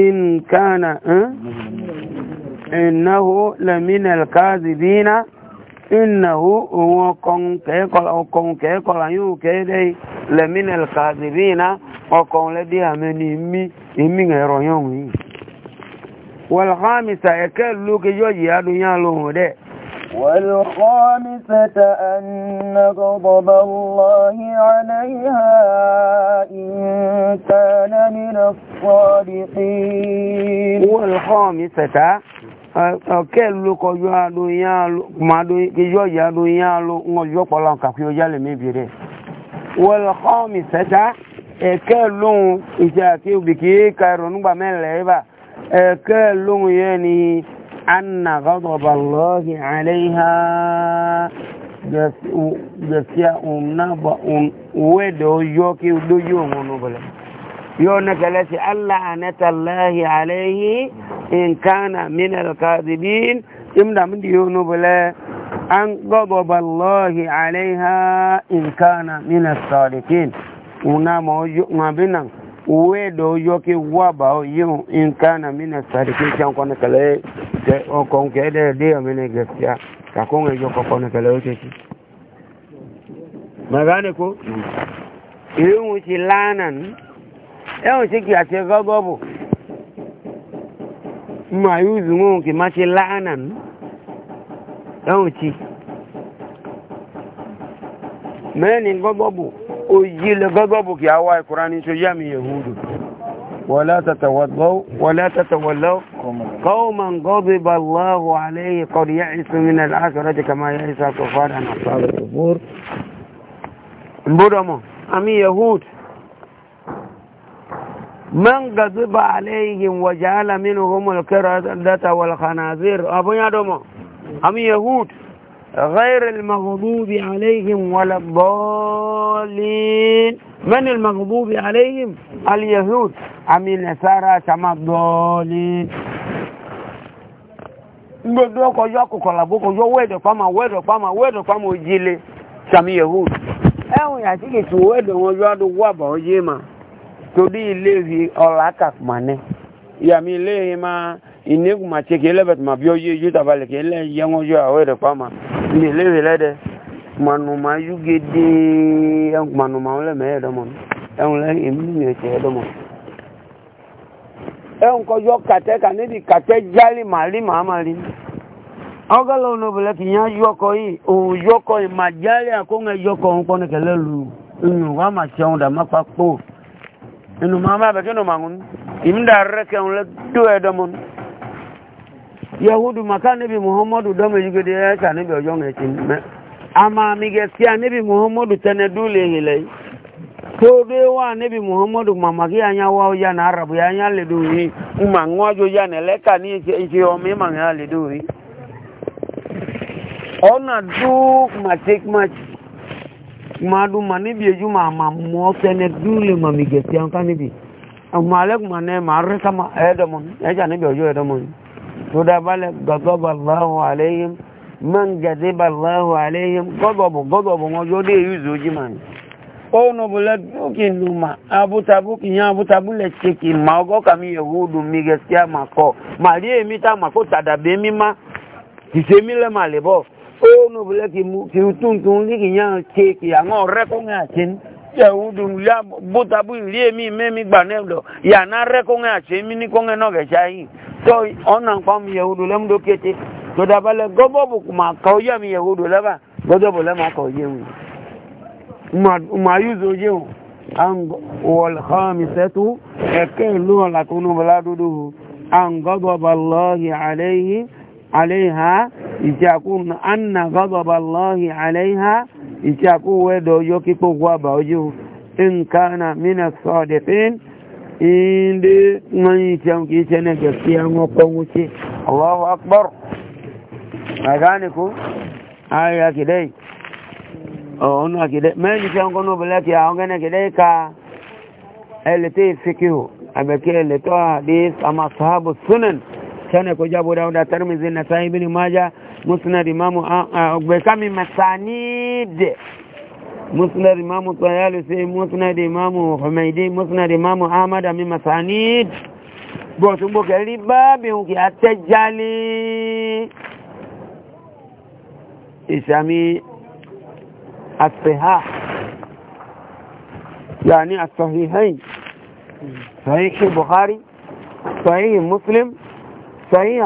ìnkànnà ìnáwó lẹmínà kàzìbínà innahu òun ọkọ̀un kẹ́ẹ̀kọ́lá ọkọ̀un kẹ́ẹ̀kọ́lá yóò kẹ́ẹ̀dẹ́ lẹ́mínà kàzìrí iná ọkọ̀un lẹ́dí àmì ní mí èmì ẹ̀rọ yóò yìí wàlhámìsà ẹ̀kẹ́ lókè yóò yìí adúnyà lóhùn dẹ́ والخامسة أن غضب الله عليها إن كان من الصادقين والخامسة ọkẹ́lu ló kọjú adoyin alo kumadon kejọ yìí adoyin alo ńọjọ kpọlọ kàkú yọjá lè mébi rẹ wọlé xɔmi sẹta ẹkẹ lóhùn ìṣe àti òbíkì kàrọ nígbà mẹlẹ yìí bá ẹkẹ lóhùn yẹ ni anna gbọdọba lọhi àlẹyìnhà gẹsíà òun náà wẹdẹ ọyọ kí lójú òun nù bọlẹ. يونا كلاسي ألا أنت الله عليه إن كان من الكاذبين إمنا من ديونو بلا أن غضب الله عليها إن كان من الصادقين una mojo ngabina uwedo yoki waba yu in kana mina sadiki chan kona kale te o kon kede de amene gaskiya ka kon yo ko kona kale o teki magane ko mm. ci lanan ẹ ò ṣe kì àti ẹgọ́gọ́ bò mọ àyùzù mọ kì má ṣe láàánà nù ẹ ò ṣe mẹ́rin gọ́gọ́ bò òyì lẹ gọ́gọ́ bò kì á wá ìkúra ní sojá mi yẹ̀húdù wọlé tẹ̀tẹ̀wọ̀lọ́ kọ́ọ̀mà gọ́bí àmì yẹ̀húdù man gaziba alaihim wa ja'ala minhum al-qiradata wal khanazir abun ya domo am yahud غير المغضوب عليهم ولا الضالين من المغضوب عليهم اليهود أم النصارى كما الضالين gbogbo ọkọ̀ yọ akùkọ̀ làbókọ̀ yọ wẹ́ẹ̀dọ̀ pàmà wẹ́ẹ̀dọ̀ pàmà wẹ́ẹ̀dọ̀ pàmà òjìlé sàmì yehud ẹ̀hùn yàtí kìtù wẹ́ẹ̀dọ̀ wọn yọ adó wà bá ọjẹ́ máa todi ilevi ɔlaka kuma nɛ yami ilevi ma inekuma tse ke elebɛ tuma bi oye ju taba le ke ele yɛŋɔ ju awo yɛrɛ kpa ma ne ilevi lɛ dɛ manuma ju gedee manuma wòle mɛ yɛ dɔmɔ ɛŋ lɛ emi mi tse yɛ dɔmɔ ɛŋ kɔjɔ katɛ ka ne di katɛ jali mali ma ma li ɔgɔlɔ onobele kì í yá yɔkɔ yi o yɔkɔ yi ma jali akó ŋa yɔkɔ ŋkpɔ ne kɛlɛ lu ŋun wa ma tiɛŋ dama kpa kpo inu mama ba kino mangun imda reke on le do edomun yahudu maka nabi muhammadu do me yigede ya ka nabi ojo nge tin me ama mi ge sia nabi muhammadu tene dule hile to de wa nabi muhammadu mama ki anya wa ya na arabu ya anya le do yi uma ngojo ya ne le ka ni ichi o mi ma ya le do yi ona du ma take much madu manibi eju ma ma mo sene dule ma mi gesi an kanibi amalek mane ma resa ma edamon eja nibi ojo edamon to da bale gagaba allah alayhim man gadiba allah alayhim gogobo gogobo mo yo de yuzo ji man o no bule ki numa abutabu ki yan abutabu le cheki ma ogo kami yehudu mi gesi ma ko ma ri emi ta ma ko tadabe mi ma ti mi le ma le bo onu bile ki mu ki tun tun li ki yan che ki àwọn re ko nga chen ya u dun ya buta bu ile mi me mi gba ne lo ya na re ko nga che mi ni ko nga no ge sai to ona pa mi yehudu le mdo kete to da bale gobo bu kuma ka o ya mi yehudu le ba godo bo le ma ka o ye wu ma ma yuzo je wu an wal khamisatu ekilu la tunu bala dudu an ghadaba allahi alayhi alayha ìṣàkóhùn anna gọ́gọ́bà lọ́hìn àlẹ́yìnhá ìṣàkóhùn ẹ̀dọ̀ yóò kí kó wà bá ojú nǹkanà mínà sọ́ọ̀dẹ̀fín ìdí wọ́n yìí ṣe kìí ṣe ní gẹ̀ẹ́sì àwọn ọkọ̀wọ́ ṣe allahu akbar àgánikú ayé akìdẹ́ ọ̀nà akìdẹ́ mẹ́rin ṣe ọkọ̀ náà bẹ̀lẹ́ kí àwọn gẹ́nẹ́ kìdẹ́ ka ẹlẹ́tẹ́ ìfikihù àbẹ̀kẹ́ ẹlẹ́tọ́ àdé àmàṣàbù sunan musnad imamu gbẹ̀kámi masanid musnad imamu tsayalusi musnad imamu humaidi musnad imamu ahmad ami masanid bọ̀tún gbọ́kẹ̀ rí báàbí òkè àtẹ́jálé ìsàmì àtẹ́hà yàní àtọ̀hìhìn sọ̀hìhì buhari sọ̀hìhì muslim sọ̀hìhì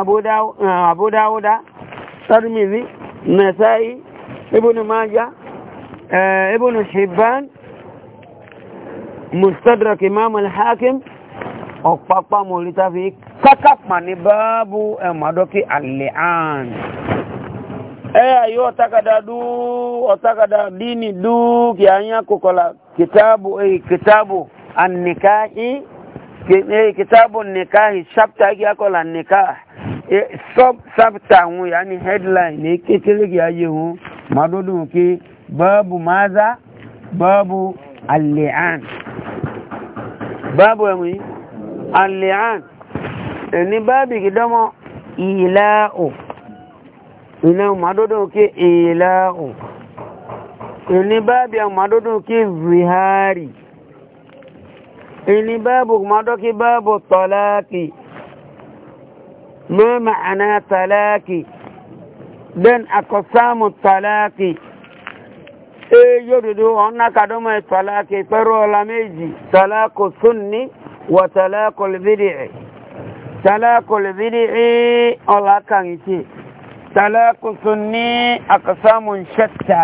abúdáwúdá ترمذي نسائي ابن ماجه آه ابن حبان مستدرك امام الحاكم ọ̀pápá mọ̀lítà fi kákàpà ní báábù ẹ̀mọ̀dọ́kì àlẹ́àn ẹ̀yà yóò ọ̀tàkàdà dú ọ̀tàkàdà dínì dú kì á yán kòkòlà kìtàbù èyí kìtàbù ànìkáhì kìtàbù nìkáhì ṣáptà kí á kọ́là nìkáhì Eh, sub chapter àwọn yaani headline ní kékeré kì í ayé wọn màá dọ́dún kí báàbù máza báàbù àlẹ́hàn báàbù ẹ̀mí àlẹ́hàn ẹni báàbù ìdánmọ́ ìlà ò ìlà ò màá dọ́dún kí ìlà ò ẹni báàbù màá dọ́dún kí zihari ẹni báàbù màá dọ́kí báàbù tọ́láàkì. ما معنى طلاقي دن أقسام الطلاق يريدو أن كدوم الطلاق فرو لميجي طلاق السني وطلاق البدع طلاق البدع الله كان يتي طلاق السني أقسام شتى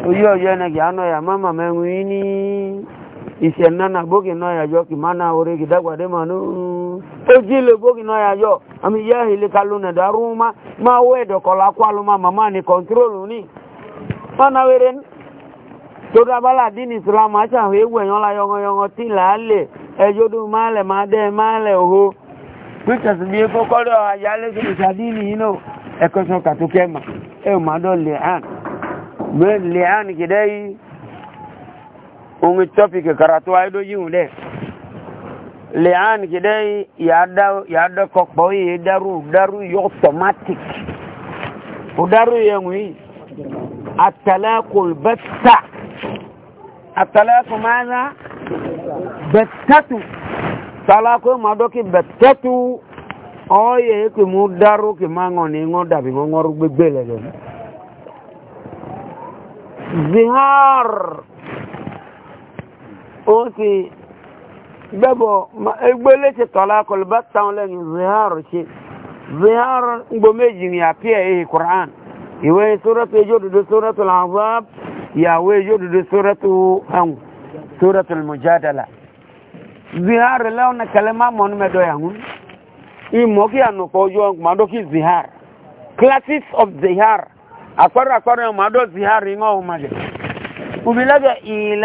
Oyo yo na ki ano ya mama mengu ini isi nana boki no ya joki mana ore ki dagwa de manu ojile bogi no ya yo ami ya ile kaluna daruma ma wedo kola kwalo mama mani control ni mana weren to da bala din islam acha we we yon la yon yon ti lale e jodu male ma de male oho kucha se bien poco lo ya le su sadini ino e koso katukema e ma do le an me le an gidei e e un topic karatu ay do yule li'an gidai ya da ya da kokpo yi daru daru yi automatic o daru yanwi atalaqul batta atalaqu maza battatu talaqu madoki battatu oye ki mu daru ki mango ni ngo dabi ngo ngoru gbegbele de zihar o si gbẹ́bọ̀ egbélé ti tọ́lá kọlùbá táwọn lẹ́nu zihar ṣe zihar gbò méjì ní àpíẹ̀ èyí quran ìwé sórẹ́tù ejò dúdú sórẹ́tù làǹfààb ìyàwó ejò dúdú sórẹ́tù ẹ̀wù sórẹ́tù mùjádàlà zihar lẹ́wọ̀n ní kẹlẹ́mà mọ́nú mẹ́dọ̀ yàhún ìmọ̀ kí ànùpọ̀ ojú ọ̀gbọ̀n máa dókì zihar classes of zihar àkọ́rọ̀ àkọ́rọ̀ máa dó zihar yìí ń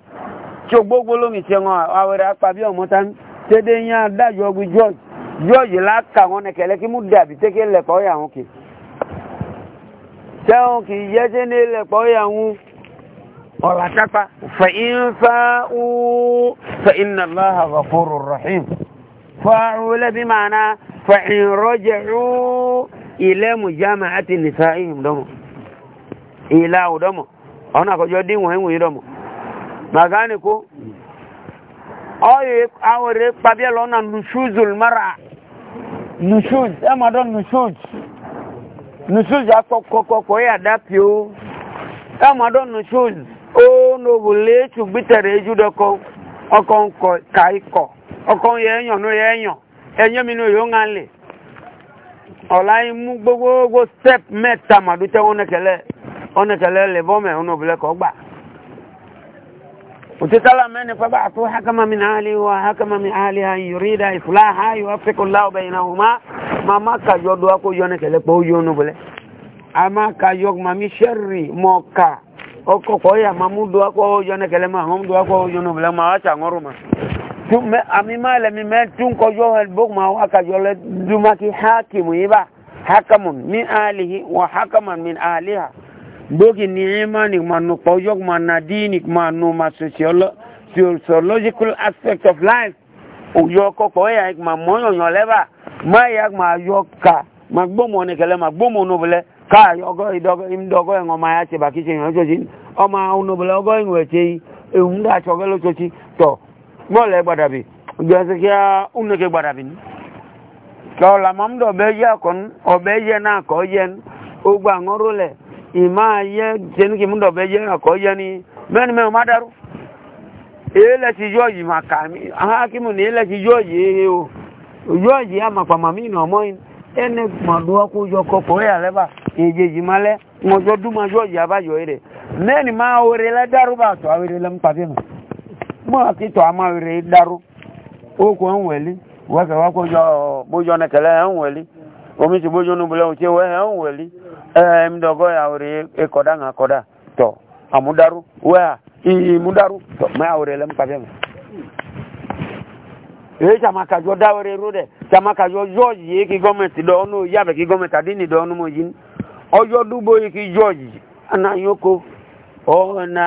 tí o gbogbo lómi ṣe wọn àwẹ̀rẹ̀ apàbí ọmọ tán tẹ́dẹ́ yẹn adájọ́ gbé george george láka wọn nẹkẹ̀lẹ́ kí mú dàbí tẹ́kẹ́ lẹ̀pọ̀ wọn kì sẹ́wọ̀n kì í yẹ́ tẹ́ ní lẹ̀pọ̀ wọn ọ̀là tápá fẹ̀yìnfáwù ọ̀nà ba gane ko awore kpabia na nushuzul mara nushuz eh, ama don nushuz nushuz akọkọkọ ya dapio ama don nushuz o n'obule chugbitere ejudoko ọkọ nkọ ka ikọ ọkọ ya enyo enyan n'oye enyan enye mi n'oye onga nle ọla imu gbogbogbo step mẹta madu tẹ ọnẹkẹlẹ ọnẹkẹlẹ lẹbọmẹ ọnà obìnrin kọ gbà. وتطلع من فبعثوا حكما من أهله وحكما من أهلها أن يريد إصلاحا يوفق الله بينهما ما ما كجود وكو يونك لكو يونو بلي أما كجوك ما مي شري موكا أكو كويا ما مودو وكو يونك لما هم دو وكو يونو بلي ما أشا غرما ثم أمي ما لمي ما تون كجوه البوك ما وكا جولة دوماكي حاكم يبا حكم من أهله وحكما من أهلها bogi ni'ima ni manu pojok mana dini manu ma sociological aspect of life uyo ko ko ya ik ma moyo yo leba ma ya ma yo ka ma gbomo ni kele ma gbomo no bele ka yogo idogo imdogo en o ma ya se ba ki se yan so sin o ma uno bele ogo en we ti ehun da so gelo so ti to mo le gbada bi je se kia uno ke gbada bi ni ko la mam do be ya kon o be ye na ko yen o gba ngoro le ìmá yẹ jẹnukì mú dọ̀bẹ yẹ ọkọ̀ yẹ ni mẹ́rin mẹ́rin má dárú èélẹ̀ ti yọ yìí mà kà mí ahákímù ní èélẹ̀ ti yọ yìí ehe o yọ yìí àmàpàmà mí nà ọmọ yìí ẹnẹ màdó ọkọ yọ kọkọ yà lẹ́bà èjè yìí má lẹ́ mọ̀jọ́ dúmọ̀ yọ yìí abáyọ rẹ̀ mẹ́rin má oore lẹ́ dárú bá tọ́ awere lẹ́mú pàdé nù mọ́ àti tọ́ àmà oore dárú ó kọ́ ń wẹ̀lí wákàwákọ́ yọ bójọ́ nẹkẹlẹ́ ń wẹ̀lí omi ti bójú nu bulẹ̀ òtí wẹ́ ẹ̀hún wẹ̀lí ẹ̀ẹ́m dọ̀gọ́ yà wẹ̀rẹ̀ ẹ̀kọ́dá ńà kọ́dá tọ̀ àmúdárú wẹ́à ìyí múdárú tọ̀ mẹ́ àwẹ̀rẹ̀ lẹ́mú kàfẹ́ mi. èyí tàmákàjọ dáwẹ̀rẹ̀ ró dẹ̀ tàmákàjọ george yìí kí gọ́ọ̀mẹ̀ntì dọ̀ ọ́nú yàbẹ̀ kí gọ́ọ̀mẹ̀ntì àdínì dọ̀ ọ́nú mọ̀jì ọjọ́ dúgbò yìí kí george anayoko ọ̀nà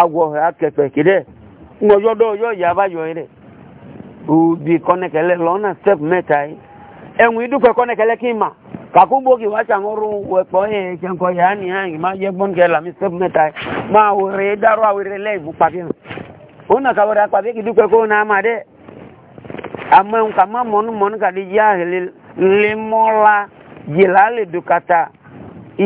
agwọ̀ akẹ̀pẹ̀ kìdẹ̀ ńgbọ̀jọ́ dọ̀ ẹ̀wùn ìdúpẹ́ kọ́nẹ̀kẹ́lẹ́ kí n mà kàkúgbòkì wá ṣàmúrú wẹ̀pọ̀ yẹn ṣẹ̀ǹkọ̀ yà á nìyà yìí máa jẹ́ gbọ́nkẹ́ làmì step mẹ́ta yìí máa wèrè dárò àwèrè lẹ́ẹ̀bù pàdé hàn ó nà kàwèrè àpàdé kì dúpẹ́ kó nà má dẹ́ àmọ́ nǹkan má mọ́nú mọ́nú kàdé yá lémọ́lá jìlá lè dùkàtà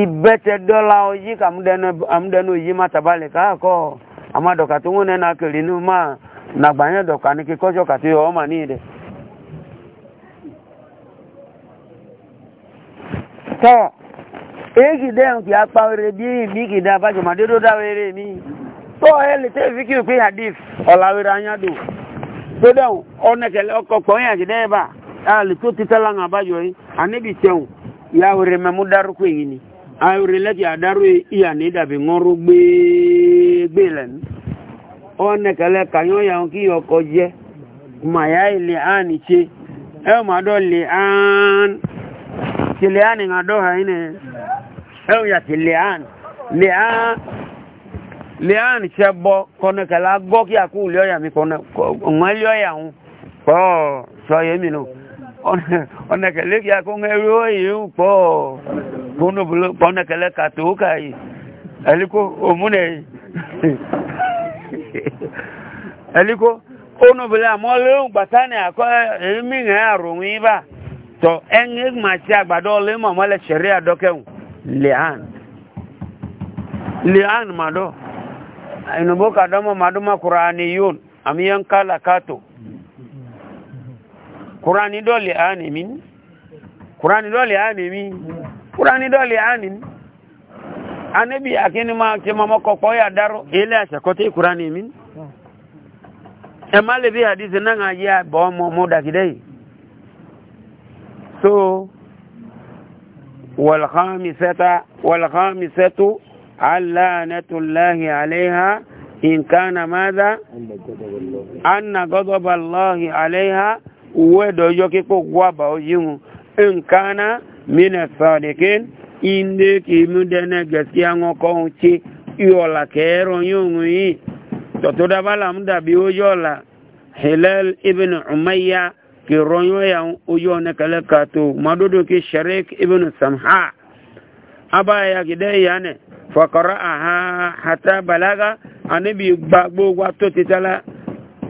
ìbẹ́tẹ̀ tọ́ èyí dẹ́hùn kì á pa oore bí èmi kì dá bá jùmọ̀ dédó dá oore mi tọ́ ẹ lè tẹ́ fi kí n pè hadif ọ̀làwẹ̀rẹ̀ ayádò tó dẹ́hùn ọ̀nẹ́kẹ̀lẹ́ ọkọ̀ pọ̀n yàtì dẹ́ bá a lè tó ti tẹ́lá ń abájọ yìí a níbi tẹ́hùn ìyá oore mẹ́mú dárúkọ èyí ni a oore lẹ́kì àdárò ìyá ní dàbí ńọ́rọ́ gbẹ́gbẹ́ lẹ́nu ọ̀nẹ́kẹ̀lẹ́ kàyọ́ ti nga doha ine eu ya ti liani liani liani chebo kone kala goki aku ulioya mi kone ngwelioya un po so yemi no ona kele ki aku ngero yu po kono bulo pona kele katuka yi aliko omune aliko ono bulo amole un batani akọ emi nga arun ba tɔ ɛŋe ŋmasi agbadɔ le mɔmɔ le sariya dɔ kɛ o lihan lihan ma dɔ inubo ka dɔ ma ma dɔ ma kurani yon ami yɛn ka la ka to kurani dɔ lihan mi kurani dɔ lihan mi kurani dɔ lihan mi anabi akini ma ke mama kɔkɔ ya daro ele asɛ kɔte kurani mi ɛma e lebi hadisi nanga yi a bɔn mɔ mɔ dakide yi so والخامسة والخامسة اللعنة الله عليها إن كان ماذا أن غضب الله عليها ودوجوكيكو غوابا وجيمو إن كان من الصادقين إن ديكي مدنا جسيانو كونتي يولا كيرو يونغي تتدبالا مدبي وجولا هلال ابن عمية ke ronyo ya uyo kato madodo ke sharik ibn samha aba ya gide ya ne fa balaga anabi gbagbo wa to titala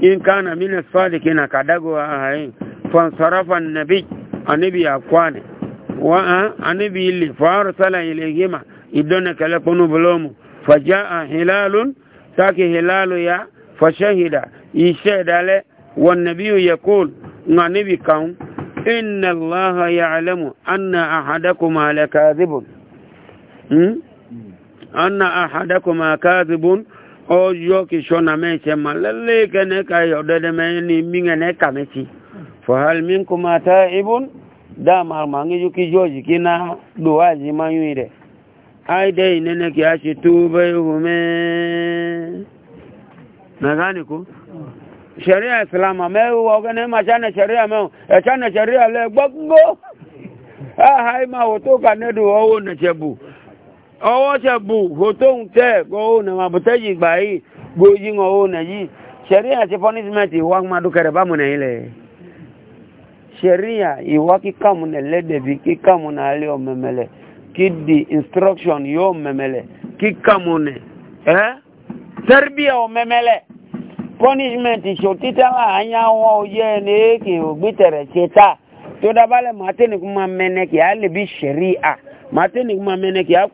in kana min salikina kadago ahain fa sarafa annabi anabi akwane wa anabi li farsala ilayhima idona kale kono bolomu فجاء هلال تاكي هلال يا فشهد يشهد عليه والنبي يقول nga nibi kan inna allaha ya'lamu anna ahadakum ala kadhibun hmm anna ahadakum kadhibun ojo ki shona me che malale kene ka yodede me ni minga ne kameti fa hal minkum ta'ibun da ma mangi yuki joji kina duwaji manyire ai dai nene ki ashi tubai hume na gane ko sheria islam ameu wagane machana sheria ameu echana sheria le gbogbo ah hai ma oto kanedu owo na chebu owo chebu hoto unte go na mabuteji gba yi go yi owo na yi sheria ti punishment wa ma du iwa ki kamu na lede na ale omemele instruction yo omemele ne eh tarbia omemele punishment ìṣòtítẹ́lá àyàwó oyé ni èkè ògbítẹ̀rẹ̀ ṣe ta tó dábàlẹ̀ màtẹ́nì kún máa mẹ́nẹ́kì á lè bí ṣẹ̀rí à màtẹ́nì kún máa mẹ́nẹ́kì á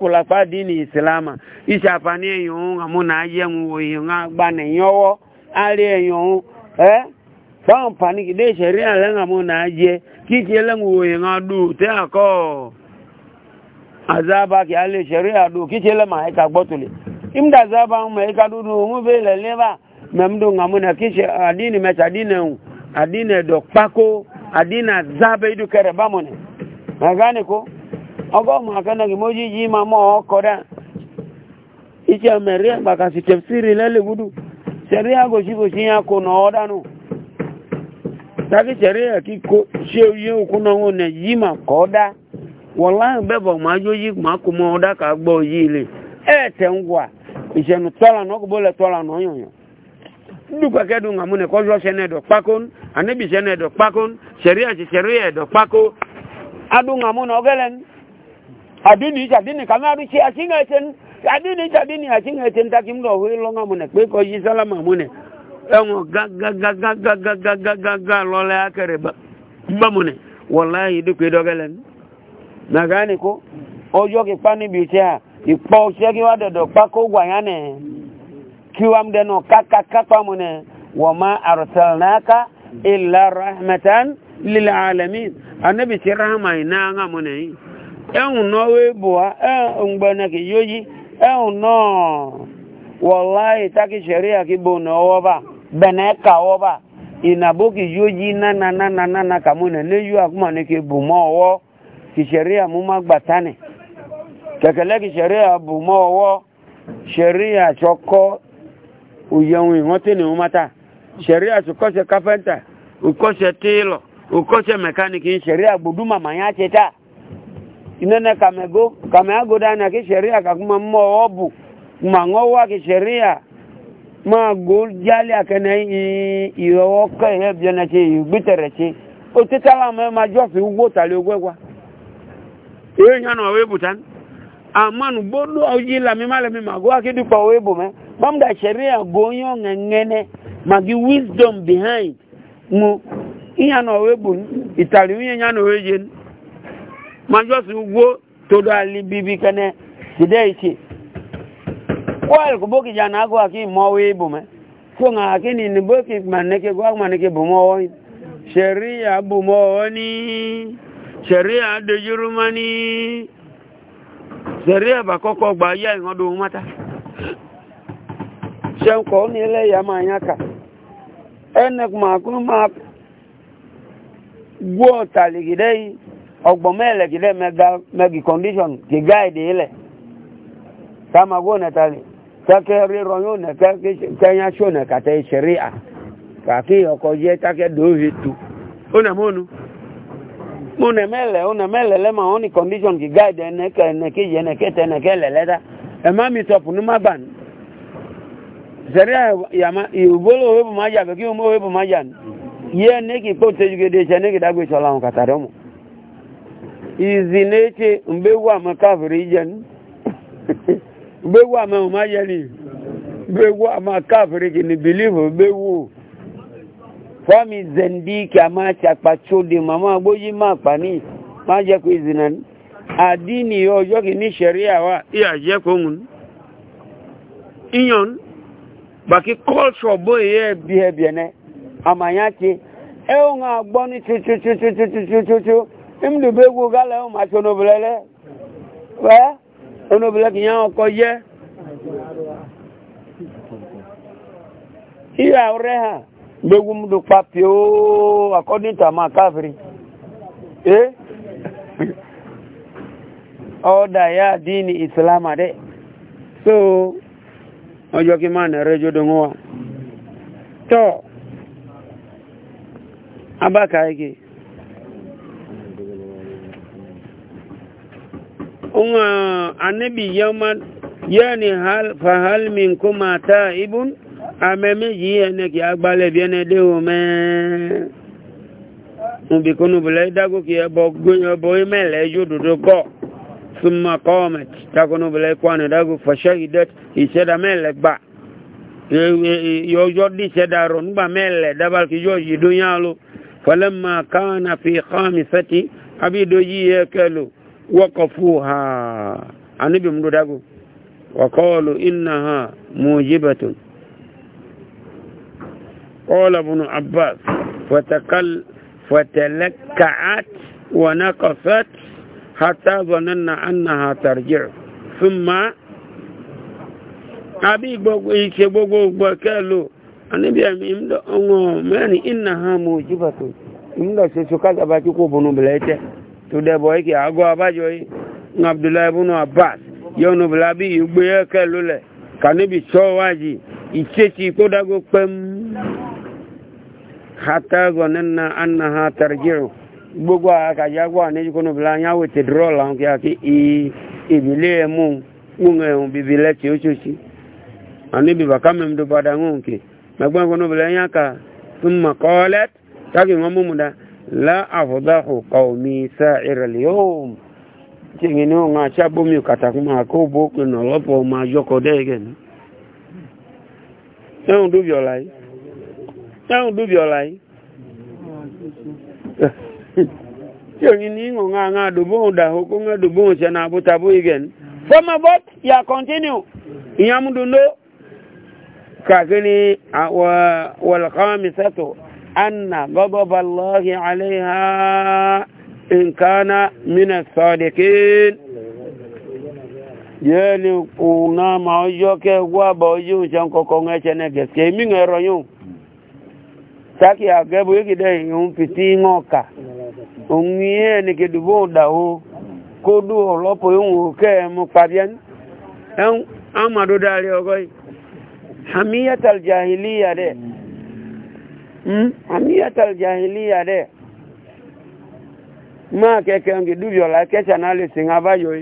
dín ní ìsìlámà iṣẹ́ àfààní èèyàn òun àmúna ayẹ́hun òyìn agbanìyànwọ́ á rí èèyàn òun ẹ́ báwọn pàní kí ti tẹ́ àkọ́ á lè ṣẹ̀rí kí ti ń mọ̀ ẹ̀ka memdo ngamuna kisha adini mecha adini adini do pako adina zabe idu kere bamone magani ko ogo makana gimoji jima mo okora ichi ameria makasi tefsiri lele gudu sheria goshi goshi ya ko no odanu taki sheria ki ko she ye ukuna ngone jima koda wala bebo majoji makumo oda ka gbo yile ete ngwa ijenu tola no ko bole tola no yoyo dukwa kedu mune kojo sene do pakon anebi sene do pakon sheria si sheria do pako adu mune ogelen adini cha dini kama adu chi asinga eten adini cha dini asinga eten takimdo huilo ngamune pe ko yi salama mune ga ga lole akere ba mbamune wallahi dukwe dogelen nagani ko ojo ki pani bi cha ipo se ki wa dodo pako gwa yan eh kiwam deno kaka kapa mune wama ma arsalnaka illa rahmatan lil alamin annabi ti rahma ina nga mune ehun no we boa ehun gbana ki yoyi ehun no wallahi taki sharia ki bono oba bene ka oba ìnàbó kì na na na na nánà kàmúnà léyú àkúmọ̀ ní kí bù mọ́ ọwọ́ kì ṣẹ̀ríà mú má gbà tánì kẹ̀kẹ̀lẹ́ kì ṣẹ̀ríà bù mọ́ ọwọ́ òyẹun ìrántí ni wọ́n mátà ṣẹ̀rí àṣùkọ́ṣẹ́ káfẹ́ntà òkọ́ṣẹ́ téèlọ̀ òkọ́ṣẹ́ mẹkáníkì ṣẹ̀rí àgbòdúmọ̀ màyá ṣe tà inene kamego kameago dani akisheria kakuma mmoobu mang'owa kisheria mago jali akene iwowoka ebyonaki igbitere otitalame majofi ugwo tali ogwegwa iyo nyana wawebu tan amanu bodo ojilami malemi mago akidupa webu me kwamba sheria gonyo ngengene magi wisdom behind mu iya no webu itali uye nyano wejen majo si ugwo todo ali bibi kane gide ichi kwal kuboki jana ako aki mo webu me so nga akini ni boki maneke gwa maneke bumo woi sheria bumo oni sheria de jurumani sheria bakoko gba ya ngodo mata ṣẹ́ǹkọ́ ní ilẹ̀ ìyá máa yán kà ẹnẹk máa kún máa gbó ọ̀tàlìgìdẹ́ yìí ọgbọ̀n mẹ́lẹ̀gìdẹ́ mẹ́gì kọ́ndíṣọ̀n kì gáàdì ilẹ̀ sáma gbó nẹ̀tàlì kẹ́kẹ́ rírọ yóò nẹ̀ kẹ́yà ṣó nẹ̀ kàtẹ́ ìṣẹ̀rí à kàkí ọkọ̀ jẹ́ tákẹ́ dòwì tu ó nẹ̀ mọ́nu mo nẹ̀ mẹ́lẹ̀ ó nẹ̀ mẹ́lẹ̀ lẹ́mà ó kọ́ndíṣọ̀n kì gáàdì ẹnẹkẹ́ ẹnẹkẹ́ yẹn ẹnẹkẹ́ tẹ́ ẹ̀ má mi sọ̀pù ní má bàánú sẹ̀ríà ìbólò owó bùmá jà kí wọ́n mú owó bùmá jà yẹ́ nẹ́kì kó tẹ́júgede ṣẹ́ nẹ́kì dágbèsọ láwọn kàtàdọ́mù ìzìnẹ́tẹ́ ìgbéwò àmọ́ káfìrí jẹ́ ní gbéwò àmọ́ ọmọ jẹ́ ní gbéwò àmọ́ káfìrí kì ní bìlífù gbéwò fọ́ọ̀mì zendiki àmọ́ àṣàpàtsóde màmá agbóyí máa pa ní má jẹ́ kó ìzìnà ní àdínì ọjọ́ kì ní sẹ̀ríà wa ìyàjẹ́ kó ń ìyọ̀nù baki culture bo ye bihe biene amanyati e o nga gbo ya dini ojo ki mane rejo dongwa to abaka ege unga anebi yaman yani hal fa hal min kuma taibun ameme jiye ne ki agbale biene de ome ubi kunu bulai dago ki ebo gunyo boi mele yududu ko ثم قامت تكون بلايكوان داغو فشهدت يسدا مل با يوجدي سدا رون با مل دبال كي يوجي دنيالو فلما كان في خامسة أبي دوجي يكلو وقفوها النبي مدو داغو وقالوا إنها موجبة قال ابن عباس فتكل فتلكعت ونقصت حتى ظننا أنها ترجع ثم أبي gbogbo gbogbo بكالو anabi ami imda ongo mani ina ha mujibatu imda se suka ga ko bunu ite to de boy ago abajo yi abdullahi ibn abbas yonu bi igbe ke lule kanibi so waji ichechi ko dago gbogbo àkàjágbó àníjúkónú bìlá yáwó ti dúró làwọn kí a kí ìbílẹ̀ ẹ̀ mú ń ẹ̀hún bíbí lẹ́tì ó ṣòṣì àníbi bàkà mẹ́m tó padà ń hùn kì mẹ́gbọ́n ìkónú bìlá yá kà fún mọ̀kọ́lẹ́t táàkì wọn mú mu dá lá àfọ̀dá òkà omi sá ìrẹ̀lẹ̀ yóò tí ìyẹn ní wọn aṣábómi kàtàkùn àkó bókè nà lọ́pọ̀ ọmọ àjọkọ̀ dẹ́gẹ̀ ní. ẹ̀hún dúbìọ̀lá yìí ẹ̀hún dúbìọ̀lá tí òyìn ní ìwọ̀n àwọn àdùbọ̀n ìdàhókó ń àdùbọ̀n ṣẹ̀nà àbútabó igẹ̀ ní. former bot yà continue ìyàmúdúndó kàkiri wàlkàmìsẹ́tò anna gọ́bọ̀bà lọ́hì àléhà nkánà mínà sọ́dẹ̀kín yẹ́ ni kùnà ma ọjọ́ kẹwàá bọ̀ ojú ìṣẹ́ kọ̀kọ́ ń ẹ̀ṣẹ́ nẹ gẹ̀ẹ́sẹ̀ mí ń ẹ̀rọ yóò sákì àgẹ́bù yìí kìdẹ̀ ìhun fìtí ń ọ̀kà òun yẹn ni kedubo kó dú ọlọ́pọ̀ ìhùn òkè mú pàbíyán ẹ̀hún amadu dáre ọgọ́ yìí hamiyatal jahiliya dẹ̀ máa kẹ́kẹ́ ń gidú yọ̀lá kẹ́sà náà lè sìn abáyọ̀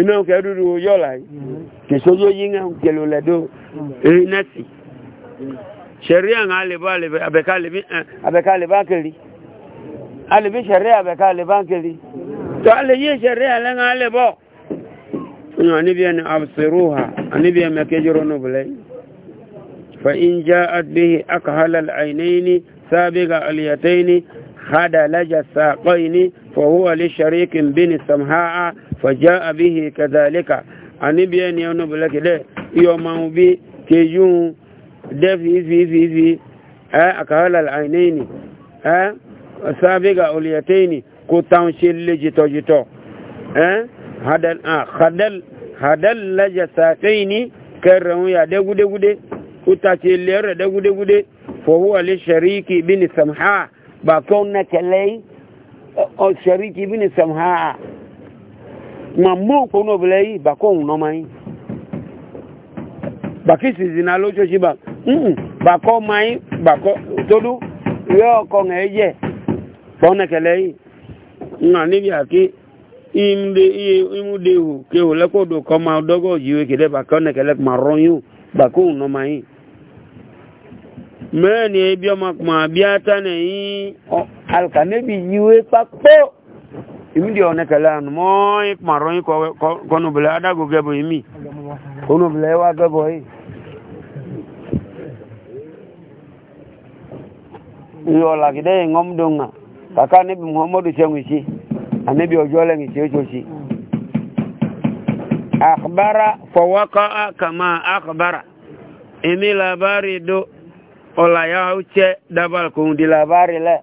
iná kẹ́ dúdú yọ̀lá yìí ṣẹ̀rí àwọn àlebá àbẹ̀ká àlebá kiri alìbí ṣẹ̀rẹ́ àbẹ̀ká alìbánkiri tó alìyí ṣẹ̀rẹ́ àlẹ́gán alìbọ̀ yíò níbi ẹni àbṣirúhà níbi ẹmẹ́kẹjọ́rọ̀ náà bùlẹ̀ fa'in já àdìhì aka halal àìníní sábíga alìyàtẹ́ni hada laja saƙaini fahuwa lè sharikin bini samha'a fajá àbíhì kazalika a níbi ẹni ẹnu bùlẹ̀ kìdẹ̀ yíò máa bí kejún dẹ́fì ifi ifi ifi aka halal àìníní sabiga uliyataini ko tan shille jito jito eh hadal a hadal hadal laja saqaini karrahu ya de gude gude uta shille re de gude gude fa huwa li shariki bin samha ba kauna kalai o shariki bin samha ma mo ko no blei ba ko no mai ba kisi zina lojo shiba mm ba ko mai ba ko todu yo ko ngeje kpɔnɛ kɛlɛ yi ŋa níbi àti imde iye imude o ke o lɛ kó do kɔma dɔgɔ yiwe ke dɛ ba kɔnɛ kɛlɛ kuma ba kó o nɔma yi mɛ ni ebi ɔma kuma bia ta ne yi ɔ alika nebi yiwe kpakpo imde ɔnɛ kɛlɛ anu mɔɔyi kuma rɔn yi kɔ kɔnubila adago gɛbɔ mi kɔnubila yi wa gɛbɔ yi. Iyo lagi deh ngom dong kàkà níbi muhammadu sẹ́wọ̀n sí àníbi ọjọ́ lẹ́yìn tí ó tó sí àkbára fọwọ́kọ́ kàmá àkbára èmi làbárí dó ọ̀làyà ọ̀chẹ́ dábàl kò ń di làbárí lẹ̀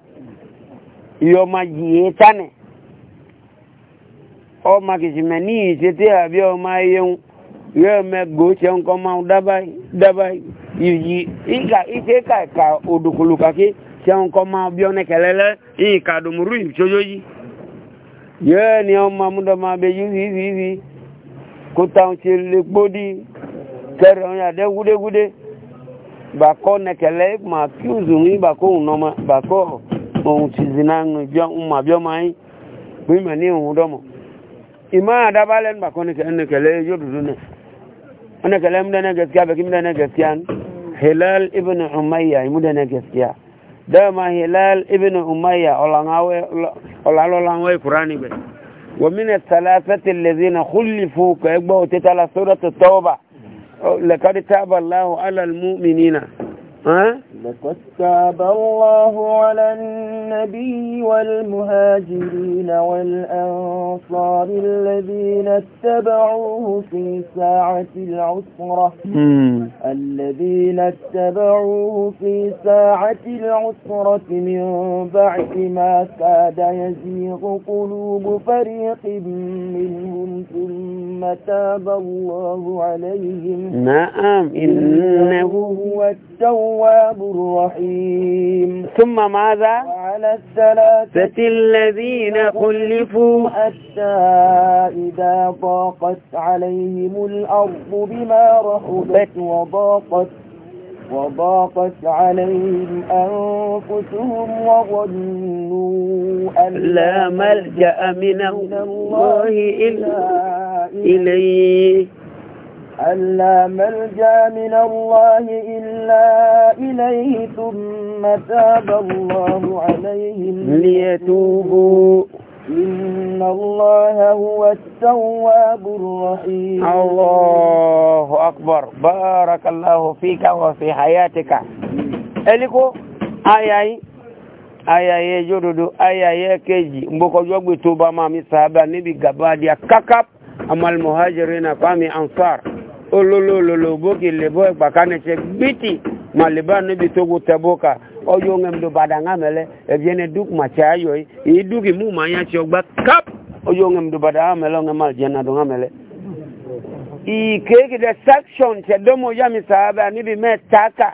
yọma jìyẹ tánì ọmọ kìsìmẹ̀ ní ìṣètì àbí ọmọ ayéhun yóò mẹ́gbó ṣe ń kọ́ máa dábàá yìí ìṣe kàkà òdòkòlò kàkí tí wọn kọ máa bí ọ́nẹ́ kẹlẹ́ lẹ́ yìí kàdùmùrú ìṣojú yìí yẹ́ ni ọmọ amúdọ̀ máa bẹ yìí yìí yìí yìí kó táwọn ṣe lè gbódì kẹrẹ ọ̀hún yàdẹ́ gúdégúdé bàkọ́ nẹkẹlẹ́ máa kí òzùn yìí bàkọ́ òun nọ bàkọ́ òun ti zina ń mà bí ọmọ yìí pé mà ní òun dọ́mọ̀ ìmọ̀ àdábálẹ̀ ní bàkọ́ nẹkẹlẹ́ yóò dúdú nẹ ọ̀nẹkẹlẹ́ múdẹ́nẹ́ gẹ̀ẹ́sì داما هلال ابن أمية أولانا أولانا أولانا أولانا ومن الثلاثة الذين خلفوا كيبو تتلى سورة التوبة لقد تاب الله على المؤمنين لقد تاب الله على النبي والمهاجرين والأنصار الذين اتبعوه في ساعة العسرة الذين اتبعوه في ساعة العسرة من بعد ما كاد يزيغ قلوب فريق منهم ثم تاب الله عليهم نعم إنه هو التواب رحيم ثم ماذا على الثلاثة الذين خلفوا حتى إذا ضاقت عليهم الأرض بما رحبت وضاقت وضاقت عليهم أنفسهم وظنوا أن لا ملجأ من الله إلا إليه أن لا ملجا من الله إلا إليه ثم تاب الله عليهم ليتوبوا إن الله هو التواب الرحيم الله أكبر بارك الله فيك وفي حياتك ẹlíkó ayayi ayaye jódodo ayaye kejì mbokojogbè tó bá máa mi sàábà níbi gàbádìá kákáp amalmohajirina kwami ansar ololololo boki lebo egba kanese gbiti maliba níbi tó kó tẹbóka ọyọ ohun ẹmdò bàdàngá mẹlẹ ẹbí ẹni dúk màtí ayọ yìí èyí dúkì mú màá yá ti ọgbà káp ọyọ ohun ẹmdò bàdàngá mẹlẹ ọhún ẹmà jẹ nàdùngá mẹlẹ. ìkéèkì dẹ sẹkṣọn tẹdọmọ yá mi sàábà níbi mẹta ká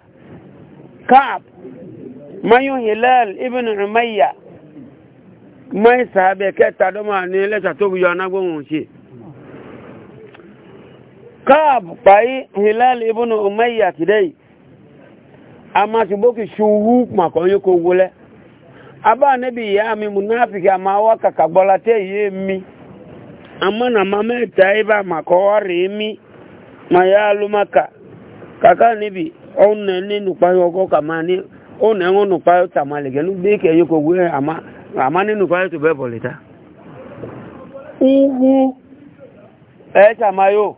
káp mayu hilal ibn umayya mayi sàábà kẹta dọmọ àní ẹlẹsà tóbi yọ anágbóhùn ṣe. kaab kpai hilal ibn umayya kidai ama tuboki shuhu makonyo ko wole aba nabi ya mi munafiki ama waka kagbola te ye mi ama na mama taiba makori mi mayalu maka kaka nibi onne ni nupa yoko kamani onne ngonu pa tamale gelu beke yoko we ama ama ni nupa to bebolita uhu e tamayo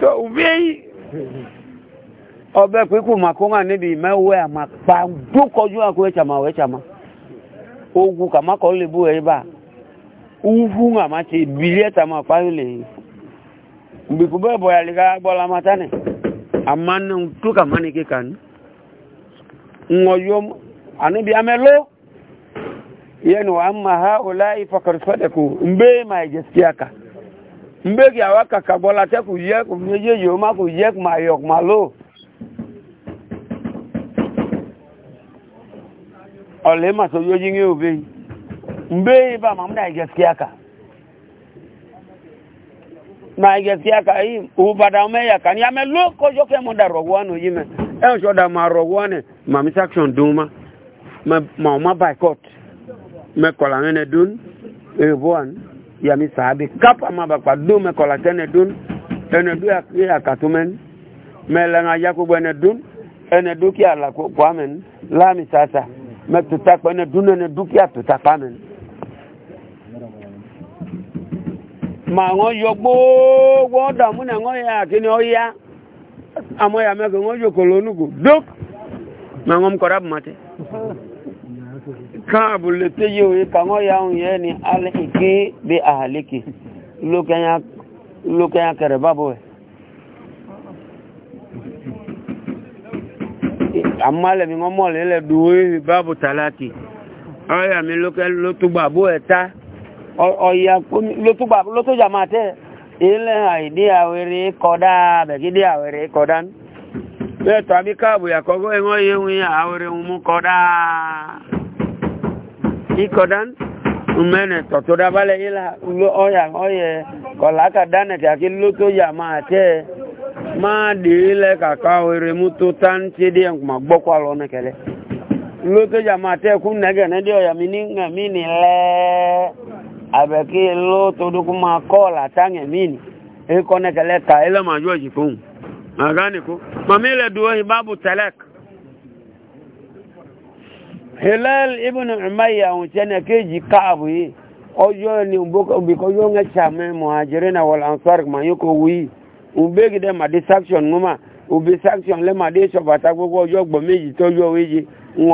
tọ́ òbí ọbẹ̀ pípò màkóńgà níbi mẹ́wẹ́ àmàpá dúkọjú àkó ẹ̀chàmà ẹ̀chàmà ogun kàmákọ̀ lè bú ẹ̀ bá uhu àmà ti bílí ẹ̀tàmà páyọ̀ lè gbèkú bẹ́ẹ̀ bọ̀ yàlíkà gbọ́lá mátánì àmà náà tó kàmá ní kíkà ní ńwọ̀ yọ àníbi amẹ́ló yanu amma ha'ula'i fakar sadaku mbe mai gaskiya ka mbe ki awaka ka bola ta ku ye ku ye yo ma ku ye ma yok ma lo ole ma so yo jinge obe mbe ba ma mna gaskiya ka ma gaskiya ka yi u bada me ya kan ya me lo ko yo ke mo da rogwanu yime e o so da ma rogwane ma mi section duma ma ma boycott Mekola ŋɛnɛ don evoan yami saabi kap amabakpa do mɛkɔla kɛnɛ don ɛnɛ do yɛ akatomɛn mɛlɛŋa yakobo ɛnɛ don ɛnɛ do kí ala kwamɛn laami sasa mɛtutakpa ɛnɛ don ɛnɛ do kí atutakpa mɛn ma ŋɔ yɔ gbogbo ɔdɔmu na ŋɔ yɛ akini ɔya amɔ yamɛ kɛ ŋɔ yɔ dok ma ŋɔ mu kɔra káàbù lè tó yé òye kàmọ́ ya ń yẹ ni alẹ́kẹ́ bí àhàlékè lókẹ́yà kẹrẹ bábọ̀ ẹ̀ àmàlẹ̀ mi wọ́n mọ̀lẹ́ lẹ̀ dùwé bábù tàlákì ọ̀yà mi lókẹ́ lótúgbà bó ẹ̀ ta ọ̀yà lótúgbà lótújà máa tẹ́ ilẹ̀ àìdí àwẹ̀rẹ̀ kọ́dá bẹ̀gídí àwẹ̀rẹ̀ kọ́dá bẹ́ẹ̀ tọ́ àbí káàbù yà kọ́gọ́ ẹ̀ wọ́n yẹ wọn àwẹ̀rẹ̀ wọn mú kọ́dá ikodan umene totoda bale ila ulo oya oye kolaka dane ka kiluto ya ma te ma dile kaka were mutu tan ti de ma gboko alo ne kele luto ya ma te kun nege ne de oya mini nga mini le abeki luto du kuma kola tange mini e kone kele ka ile ma joji fun magani ko mamile duwe babu talaka hilal ibn umayya àwọn tí ẹni kéjì káàbù yìí ọjọ́ ni òbíkọjọ́ ń ṣàmẹ́ muhajirin wal ansar mà yóò kó wí òbí gidẹ màdé saction númà òbí saction lẹ́màdé sọ̀bàtà gbogbo ọjọ́ gbọ̀ méjì ni ọ̀wéje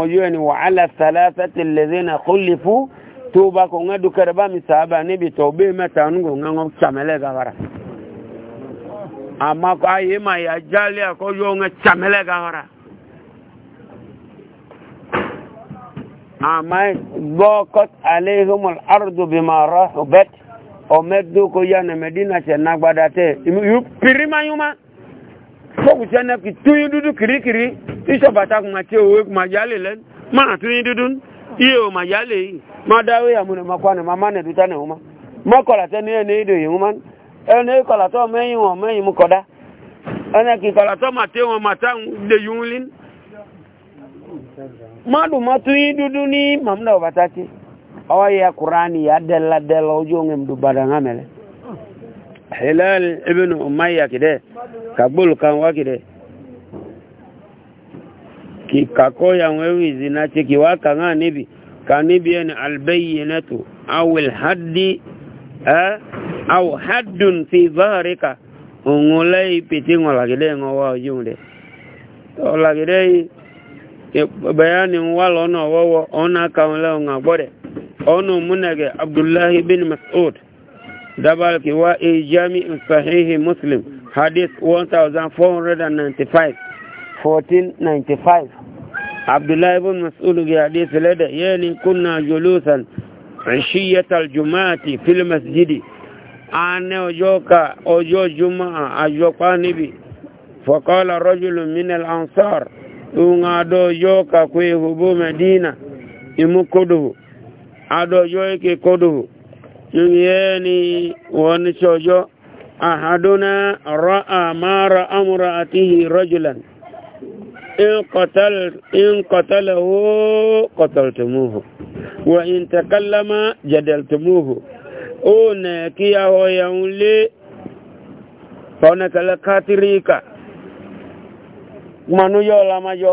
ọjọ́ ẹni wàhálà sàlásà tẹ̀lẹ́sẹ̀ náà kó lè fún tó bá kò ŋa dukɛrɛ ba mi saaba ne bi tɔ bee mɛta nu ko ŋa ŋa camɛlɛ ka fara ma ko a ye ma ya jaali a ko yɔ àmá gbọ́kọ́t aléhùnmọ̀l arùdùbí ma rọ́ ọ̀bẹ́t ọmọdé kò yá nàmẹ́dínà ṣẹ̀ nágbádá tẹ́ yóò pìrí máa yún má fókùsẹ́ náà kì túyín dúdú kìríkìrí ìṣọ̀bàtà kùmà tí òwe kùmà yálè ma máa túyín dúdú iye ò mà yálè yìí má dáwé àmúnà má kwana má má nẹ̀dútà nà wọ́n má mọ́kọ̀lá tẹ́ ní ẹni ìdò yìí wọ́n má ẹni kọ̀lá tọ́ mẹ́yìn wọn mẹ́yìn mú kọ́dá ẹni kì kọ̀lá tọ́ mà tẹ́ wọn mà madu matui dudu ni mamda wabataki awa ya Qur'ani ya della della ujonge du badanga mele Hilal ibn Umayya kide kabul kan wakide kikako ya wewe zina chiki waka nga nibi kanibi yani albayyinatu au alhaddi eh? au haddun fi dhahrika ungulai pitingo lakide ngowa ujunge to kide bayanin wala ona wawo ona kawon lawan agbore ono munage abdullahi bin mas'ud dabal ki wa e jami'in sahihi muslim hadith 1495 1495 abdullahi bin mas'ud ga hadith lada yani kunna julusan عشية الجمعة في المسجد أنا أجوك أجو جمعة أجوك نبي فقال رجل من الأنصار unga do yoka kwe hubu medina imu kuduhu ado yoke kuduhu yungyeni wanichojo ahaduna raa mara amura atihi rajulan in qatal in qatalahu qataltumuhu wa in takallama jadaltumuhu une kia hoya unli kona kala katirika manu yɔ lama yɔ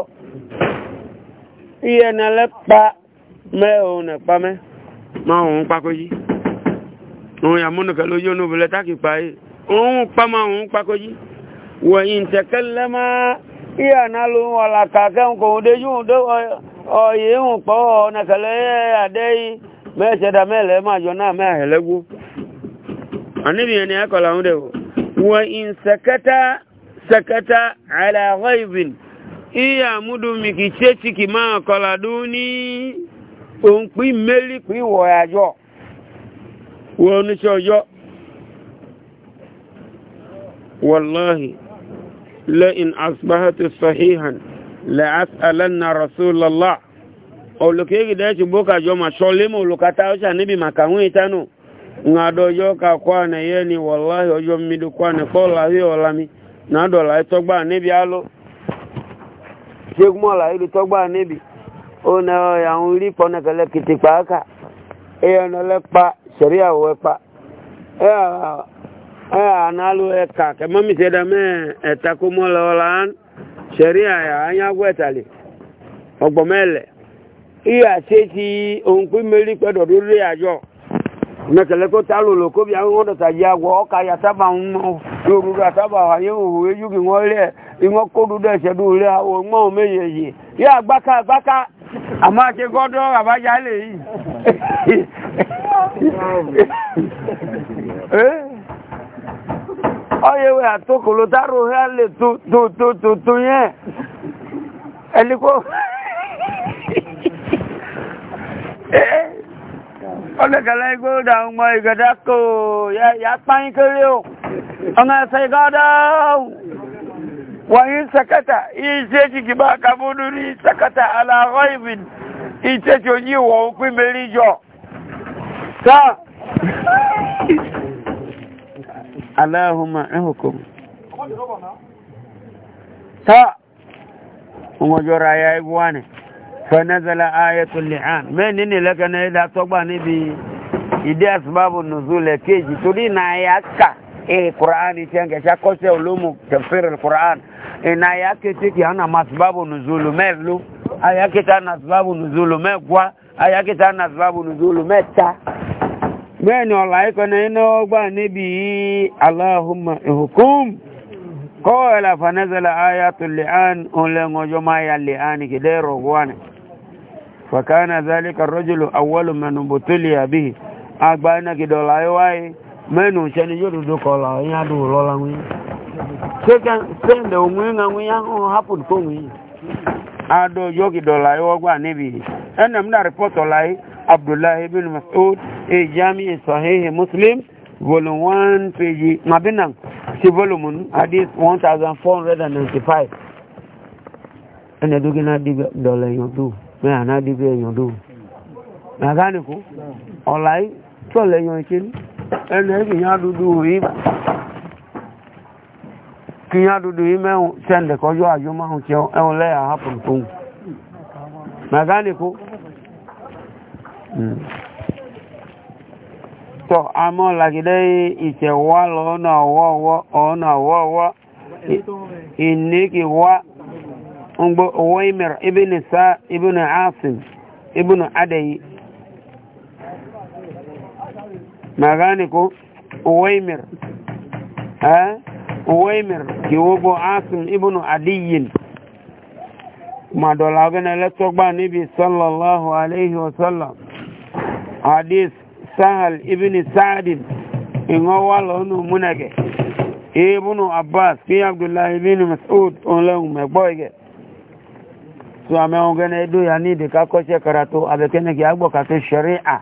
iye na lɛ kpa mɛ o nɛ kpa mɛ ma o ŋu kpa kodzi o ya mu nu kɛlɛ o yɔ nu bilɛ taki kpa ye o ŋu ma o ŋu kpa kodzi wɔ yin tɛ iye na lo ɔla ka kɛ ŋu ko o e de yi o de ɔ ɔ ye ŋu kpɔ ɔ nɛ ade yi mɛ tɛ da mɛ lɛ ma yɔ na mɛ ahɛlɛ wo ani bi yɛ ni akɔla de o wɔ yin sɛ sakata ala ghaibin iya mudu miki cheti ki ma koladuni on pi meli pi wo ajo wo ni sojo wallahi la in asbahat sahihan la as'alanna rasulullah olokegi da ti boka jo ma sole mo lokata o sha nibi makawun itanu ngadojo ka kwa na yeni wallahi ojo mi kwa na kola hi olami nado la itogba nibi alo jegmo la ile togba nibi ona ya unri pona kale kitipa ka e ona le pa sharia we pa e a e analu e ka ke mami se da me etaku mo lo lan sharia ya anya gwetali ogbomele i a se ti onpi meli pedo ri ajo mẹtẹlẹ kó ta lòlò kó bí àwọn ọdọta yà wọ ọkà yà sábà ń mọ lóru rà sábà òwò ejú kí wọn lẹ ìwọn kó dúdú ẹsẹ dùn àwọn ọmọ méye yìí yà àgbáká àgbáká àmọ́ àti gọdọ àbájá lè yìí. ọyẹwẹ àtòkòló dárò rẹ lè tuntun ẹni kó. ọlọ́kẹ̀lẹ́ igbó dàmọ́ ìgẹ̀dẹ́kò ya páyín kéré o ọ̀nà ẹ̀sẹ̀ ìgọ́dọ̀ wọ̀nyí sakata iṣẹ́ jìkì bá kàbúrú ní sakata aláwọ̀ ìbìn iṣẹ́ tí ó yí wọ̀ òpin mẹ́rin jọ sáà فنزل آية اللعان من إني لك أنا إذا تقبعني بي إدي أسباب النزول كيجي تريد نايكا إيه قرآن تيانك شاكوشي علوم تفسير القرآن إيه نايكا تيكي أنا أسباب النزول ميلو أياكي تانا أسباب النزول ميكوا أياكي تانا أسباب النزول ميتا من والله كنا إنه أقبعني بي اللهم إهكم قال فنزل آيات اللعان أولي نجمع اللعان كده رغوانه fakana zalika rojulu awwalu man butuliya bihi agba ina gidola iwaye menu cheni yodudu kola ya du lola ngwi seka sende ngwi nga ngwi ya ho hapu ko ngwi ado yogi dola iwo gwa nibi ene mna report olai abdullah ibn mas'ud e jami e sahih muslim volume 1 page mabinan si volume hadith 1495 ene dugina dibi dola yodu pé àná dìbò èèyàn lóhùn mẹkáníkù ọ̀la yìí tọ̀lẹ̀ yan ìṣe ní ẹnu ẹ̀ kìyàn dúdú yìí kìyàn dúdú yìí mẹ́hùn sẹ́ndẹ̀ kọjọ́ àjọ máhùn tí ẹ̀hùn lẹ́yà hápùn tó hùn mẹkáníkù hmm. tọ́ àmọ́ làgídẹ́ ìṣẹ̀wá lọ́nà ọwọ́ ọwọ́ ọ̀nà ọwọ́ ọwọ́ ìníkì wá. ngbo uwaimir ibn sa ibn asim ibn adayi magani ko uwaimir ha uwaimir ki wogo asim ibn adiyin ma dola gana latogba nabi sallallahu alaihi wa sallam hadith sahal ibn sa'd ingo walo nu munage ibn abbas fi abdullah ibn mas'ud on lawu megboyge so ameongene do ya ni de kakoshe karatu abekene ki agbo ka to sharia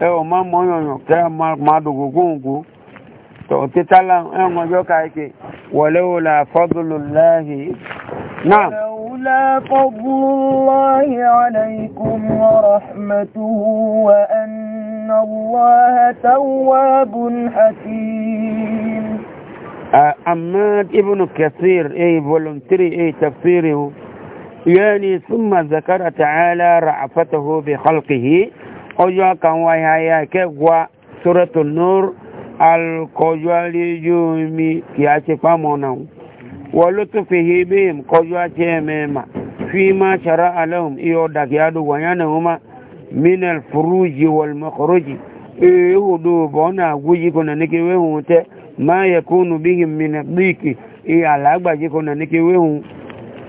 e o ma mo yoyo ke ma ma do gogungu to titala e mo jo ka ke walaula fadlullahi na walaula fadlullahi alaykum wa rahmatuhu wa anna allaha tawwabun hakim ah, Ahmad ibn Kathir, a eh, voluntary, a eh, tafsiri, eh, يعني ثم ذكر تعالى رعفته بخلقه أجوا كان وهايا كوا سورة النور القجوال يومي كياتي فامونه ولطفه بهم قجواتي ميما فيما شرع لهم إيودك يادو ويانهما من الفروج والمخرج إيهدو بونا وجيكونا نكيوهو ما يكون بهم من الضيق إيه على أكبر جيكونا نكيوهو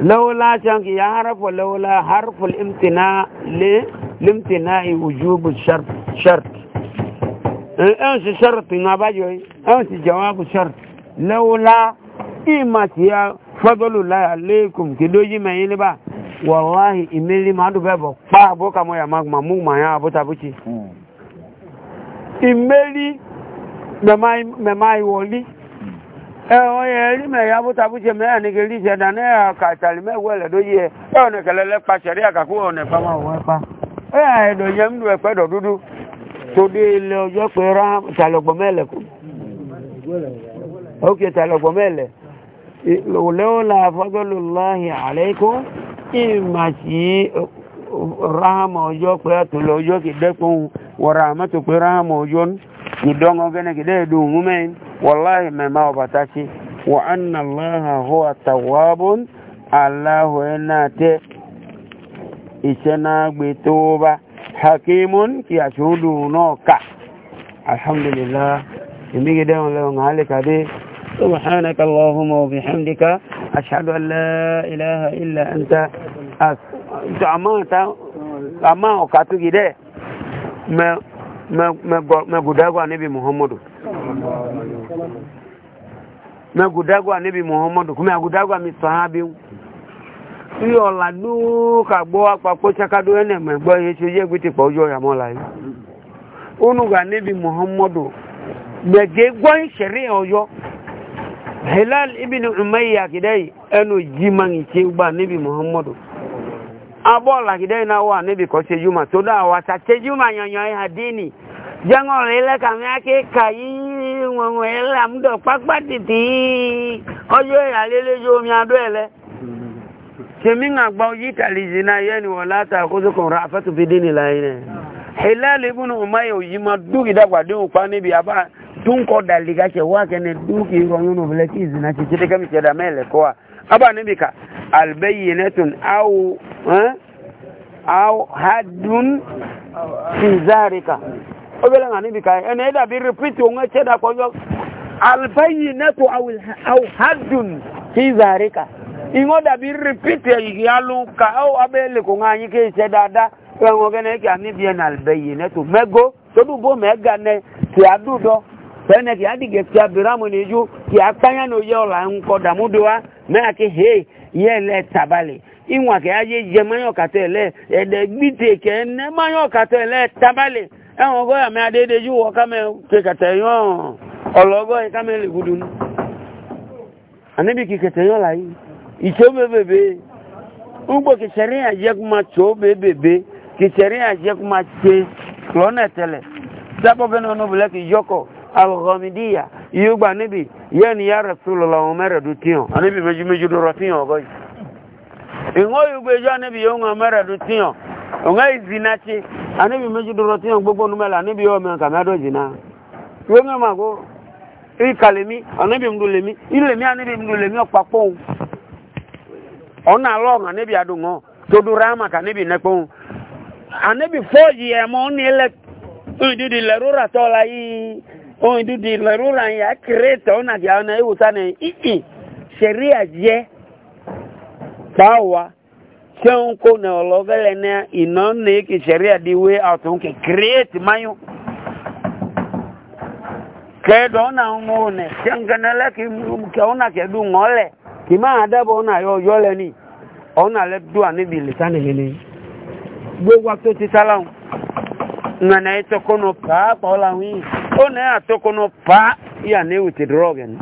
لولا شانك يا حرف ولولا حرف الامتناع لامتناع وجوب الشرط شرط انس شرط ما باجي انس جواب شرط لولا إما يا فضل الله عليكم كدوجي ما يلبا والله إملي ما دو بابو با بوكا مويا ماك ما مو ما يا ابو تابوتي إملي مما مما يولي onye erime ya bụtabụche me ya na geri je na na ya ka talimegwele doye ya one kelele kpachara ya kakwu one kpama owekpa ya edonye m nu ekpedo dudu todi ile ọjọ́ pé rán tàlọ̀gbọ̀mẹ́lẹ̀ kù ókè la lòlẹ́wọ́lá fọ́gọ́lùláhì àlẹ́kùn ìmàṣí rahama ojo pe atulo ojo ki dekun wa rahmatu pe rahama ojo ni dongo gene ki de du mumen wallahi me ma obata si wa anna allah huwa tawwabun allah ina te isena gbe to ba hakimun ki ashudu no ka alhamdulillah imi gede on le on hale kade سبحانك اللهم وبحمدك أشهد أن لا إله إلا أنت أستغفرك àmọ́ ta àmọ́ ọ̀ka tó yìí dẹ́ mẹ́gùdágọ́ anabi muhammadu mẹ́gùdágọ́ anabi muhammadu kúmẹ́ àgùdágọ́ mi sọ ha bí i ọ̀là lóòkà gbọ́ apapọ̀ ṣakadó ṣe pọ̀ ọjọ́ anabi muhammadu hilal ẹnu muhammadu abọ́ọ̀lù àkìdẹ́ iná wà níbi kọ́ ṣe júmọ̀ tó dá wa ta ṣe júmọ̀ yanyan ẹ̀ àdínì jẹ́ngọ̀ rẹ̀ lẹ́kàmí akéka yìí wọ̀nwọ̀n ẹ̀ làmúdọ̀ pápá tìtì ọjọ́ ìyàlélẹ́jọ́ omi adó ẹ̀ lẹ́ ṣèmí àgbà ojú ìtàlì ìzìnà yẹ́ ni wọ́n láta àkóso kan ra afẹ́tù fi dínì láyé rẹ̀ hilal ibùnú umayi òyì ma dúkì dàgbàdé òpá níbi abá tó ń kọ́ dàlí gàṣẹ̀ wá kẹ́ni dúkì albayyinatun aw aw haddun fi zalika o bela ngani bi kai ene da bi repeat o nge cheda ko yo albayyinatu aw aw haddun fi zalika ingo da bi repeat ya lu ka o abele ko ngani ke cheda da ngo gene ki ani bi en albayyinatu mego to du bo mega ne ti adudo tene ki adi ge ti abiramu ni ju ki akanya no ye ola nko damudo wa me ake hey yẹlẹ tabale ìwọn kẹ ayé jẹ mayọ kàtẹ lẹ ẹdẹ gbìtẹ kẹ ẹnẹ mayọ kàtẹ lẹ tabale ẹwọn gbọ yàmi adédèjú wọ kàmẹ kẹkẹtẹ yọn ọlọgọ yìí kàmẹ lè gudu nù anabi kẹkẹtẹ yọn la yìí ìtso bèbèbè ugbó kìsẹrí àjẹkùmá tso bèbèbè kìsẹrí àjẹkùmá tse lọnà tẹlẹ sábọ bẹ nínú bilẹ kì alghamidiya iyo gba nibi yani ya rasulullah umar du tiyan anibi meju meju do ratin ogo yi ingo yu gbe ja nibi yo umar du tiyan onga izina chi anibi meju do ratin gbogbo nu mela anibi yo men ka ma do jina we me ma go i anibi mdu lemi anibi mdu opapo ona long nga nibi todurama ngo to du rama ka nepo anibi 4 year mo ni ele Ìdídì lẹ̀rú rà tọ́la ohun dúdú lọ́rùlà yà kírètọ̀ ọ̀nà àti àwọn ìwòsàn ní ìkì ṣẹ̀rí àjẹ́ táwa ṣẹ́hun kó nà ọ̀lọ́gẹ́lẹ̀ ní iná ní kì ṣẹ̀rí àdíwé àtún kì kírètì máyún kẹ́ẹ̀dọ̀ ọ̀nà ọmọ ọ̀nà ṣẹ́ǹkanẹ́lẹ́ kì ọ̀nà kẹ́ẹ̀dù ńọ́lẹ̀ kì máa dábọ̀ ọ̀nà yọ̀ọ̀yọ́ lẹ́ni ọ̀nà lẹ́dùn àníbi ìlẹ̀sánìlẹ́lẹ́ gbogbo àti ó ti sálàhùn nana one atokono pa ya ne with drogen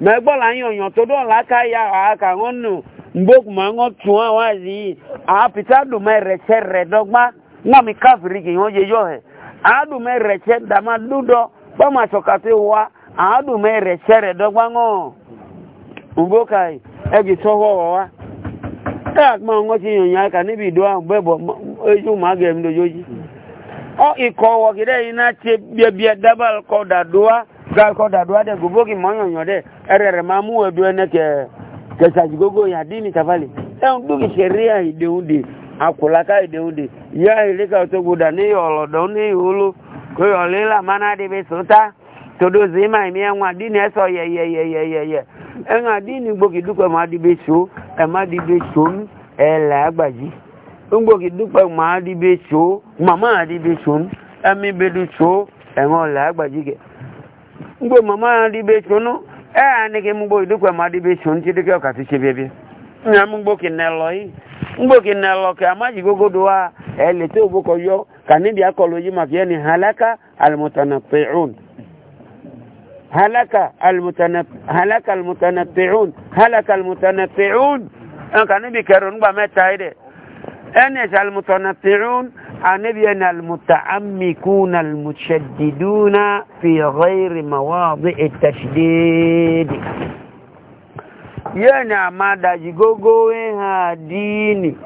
me gbola yan yan to do la ka ya aka ngonu mboku ma ngo wa awazi a pita do me reche redogba na mi kafiri ki yan ye yo he a do me reche da ma ludo ba ma sokate wa a do me reche redogba ngo mbokai e. e gi so wo wa e ma ngo ti yan ya ka ni bi do an bebo eju e ma ge mi do yoji o ikọ wọgide ina ce biyabiya dabal ko daduwa gal ko daduwa de gubo ki moyonyo de erere ma mu wedu ene ke ke saji gogo ya dini tafali e un dugi sheria ide unde akula ka ide unde ya ile ka to guda ni yolo do ni ulu ko yolela mana de besuta to do zima mi en wa dini eso ye ye ye ye ye ye en a dini gbo ki duko ma di besu e ma di besu e la agbaji ngbogi dúpẹ́ màá di bẹ́ẹ̀ tso màmá di bẹ́ẹ̀ tso ẹ̀mí bẹ́ẹ̀ di tso ẹ̀wọ̀n ọ̀là àgbàjì kẹ ngbo màmá di bẹ́ẹ̀ tso nù ẹ̀ e ànìkè ngbogi dúpẹ́ màá di bẹ́ẹ̀ tso ntí dúkẹ́ ọ̀kà ti ṣe bẹ́ẹ̀ nya ngbogi nẹlọ yìí ngbogi nẹlọ kẹ àmàjì gbogbo do wa ẹ̀ lẹ́tẹ̀ òbó kọ yọ kànídìí akọlọ yìí màfi ẹni halaka alimutana pẹ̀rún halaka alimutana halaka alimutana pẹ̀rún halaka alimutana pẹ̀rún ẹ̀ kànídìí kẹrù ńgbà mẹ́ta yìí dẹ̀ ẹnẹsẹ almutanatiun anabi ẹni almutaamikun almushadiduna fi ghayri mawadi itashdidi yẹni amadaji gogo eha diini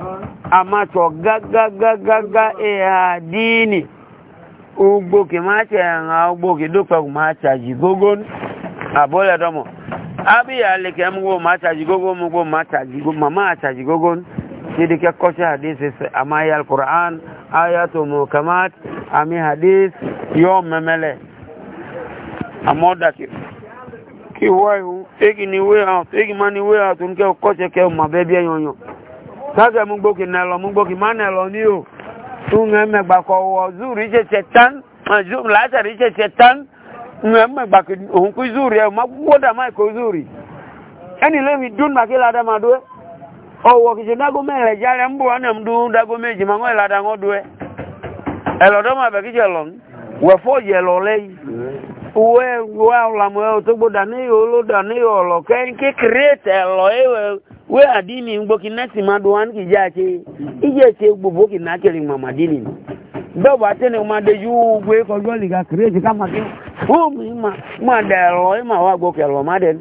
amatọ gagagagaga eha diini ugboke ma ṣe ẹ̀hàn ugboke dópẹ̀kù ma ṣàjì gogo abọ́lẹ̀dọ́mọ̀ abíyà lè kẹ́ mú gbogbo ma ṣàjì gogo mú gbogbo ma ṣàjì gogo sidi ke kosi hadis amai alquran ayatu mukamat ami hadis yo memele amoda ki ki wayu egi ni we out egi mani we out nke kosi ke ma bebi yonyo sage mu gboki na lo mu gboki ma na lo ni o unga me gba ko wo zuri je chetan ma zum la ta ri je chetan unga me gba ko hun ku zuri ma gboda mai ko zuri eni le mi dun ma ke la da ma do ọwọ́ kìí ṣe dágó mẹ́rẹ̀ járe ń bọ̀ ọ́nà mdú dágó méjì máa wọ́n ìlàdà wọn dúẹ́ ẹ̀lọ́dọ́ máa bẹ̀ kí jẹ lọ wẹ̀fọ́ jẹ lọ lẹ́yìn wẹ́ wẹ́ ọ̀làmù ẹ̀ tó gbọ́dà ní olódà ní ọ̀lọ̀ kẹ́ńké kírètì ẹ̀lọ́ ẹ̀wẹ̀ wẹ́ àdínì gbókì nẹ́ẹ̀sì máa dùn wọn kì í jáde ìjẹ́ ti gbogbo kì náà kiri màmá dínì dọ́ọ̀bù àtẹnì máa de yú gbé kọjú ọ̀lì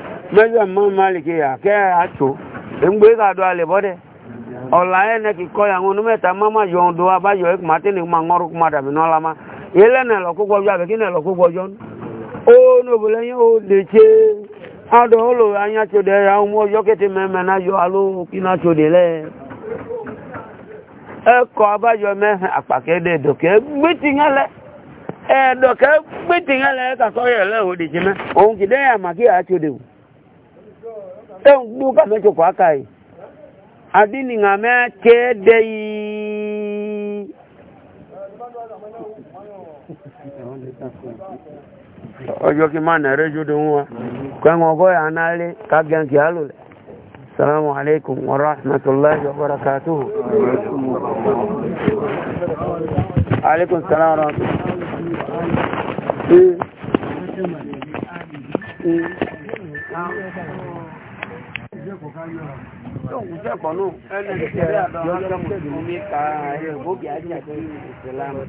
mẹ́jọ mọ́ máàlìkì àkẹ́ àtò ẹgbẹ́ ìgbàdọ̀ alẹ́bọ́dẹ̀ ọ̀la ẹ̀nẹ́ kíkọ́ àwọn onímẹ́ta mọ́mọ́ yọ ọdún abájọ ẹ̀kú màtínì máa ngọ́rù kú máa dàbí nọ́ọ́lá máa ilẹ̀ nà lọ́kú gbọ́jọ́ àbẹ̀kí nà lọ́kú gbọ́jọ́ ó na lẹ́yìn ó lè ṣe ọdọ̀ olò anyátsodẹ̀ ya ọmọ ọjọ́ kété mẹ́mẹ́ náà yọ aló kínátsodẹ̀ lẹ́ ẹkọ abájọ mẹ́hìn àpàkẹ́dẹ̀ dọ̀kẹ́ gbẹ́tìyànlẹ́ ẹ̀ẹ́dọ̀kẹ́ gbẹ́tìyànlẹ́ kàtọ́ yẹ̀ lẹ́ òdìjì ɗan duka mai ke kwaka yi adini nga mɛ tse de yi ɔjɔ kí ma nà rédíò dùn wa kẹ́ńgọ́ bọ́ yà ná lé ká gẹ́n kí alò lẹ̀ salamu alaykum wa rahmatulahi wa barakatuhu. alaykum salaam tóun sẹ́kọ̀ọ́ náà ẹni tí yọjọ́ mùsùlùmí ka ẹ̀rọ̀bọ́bì ajá sí ìsìlámù.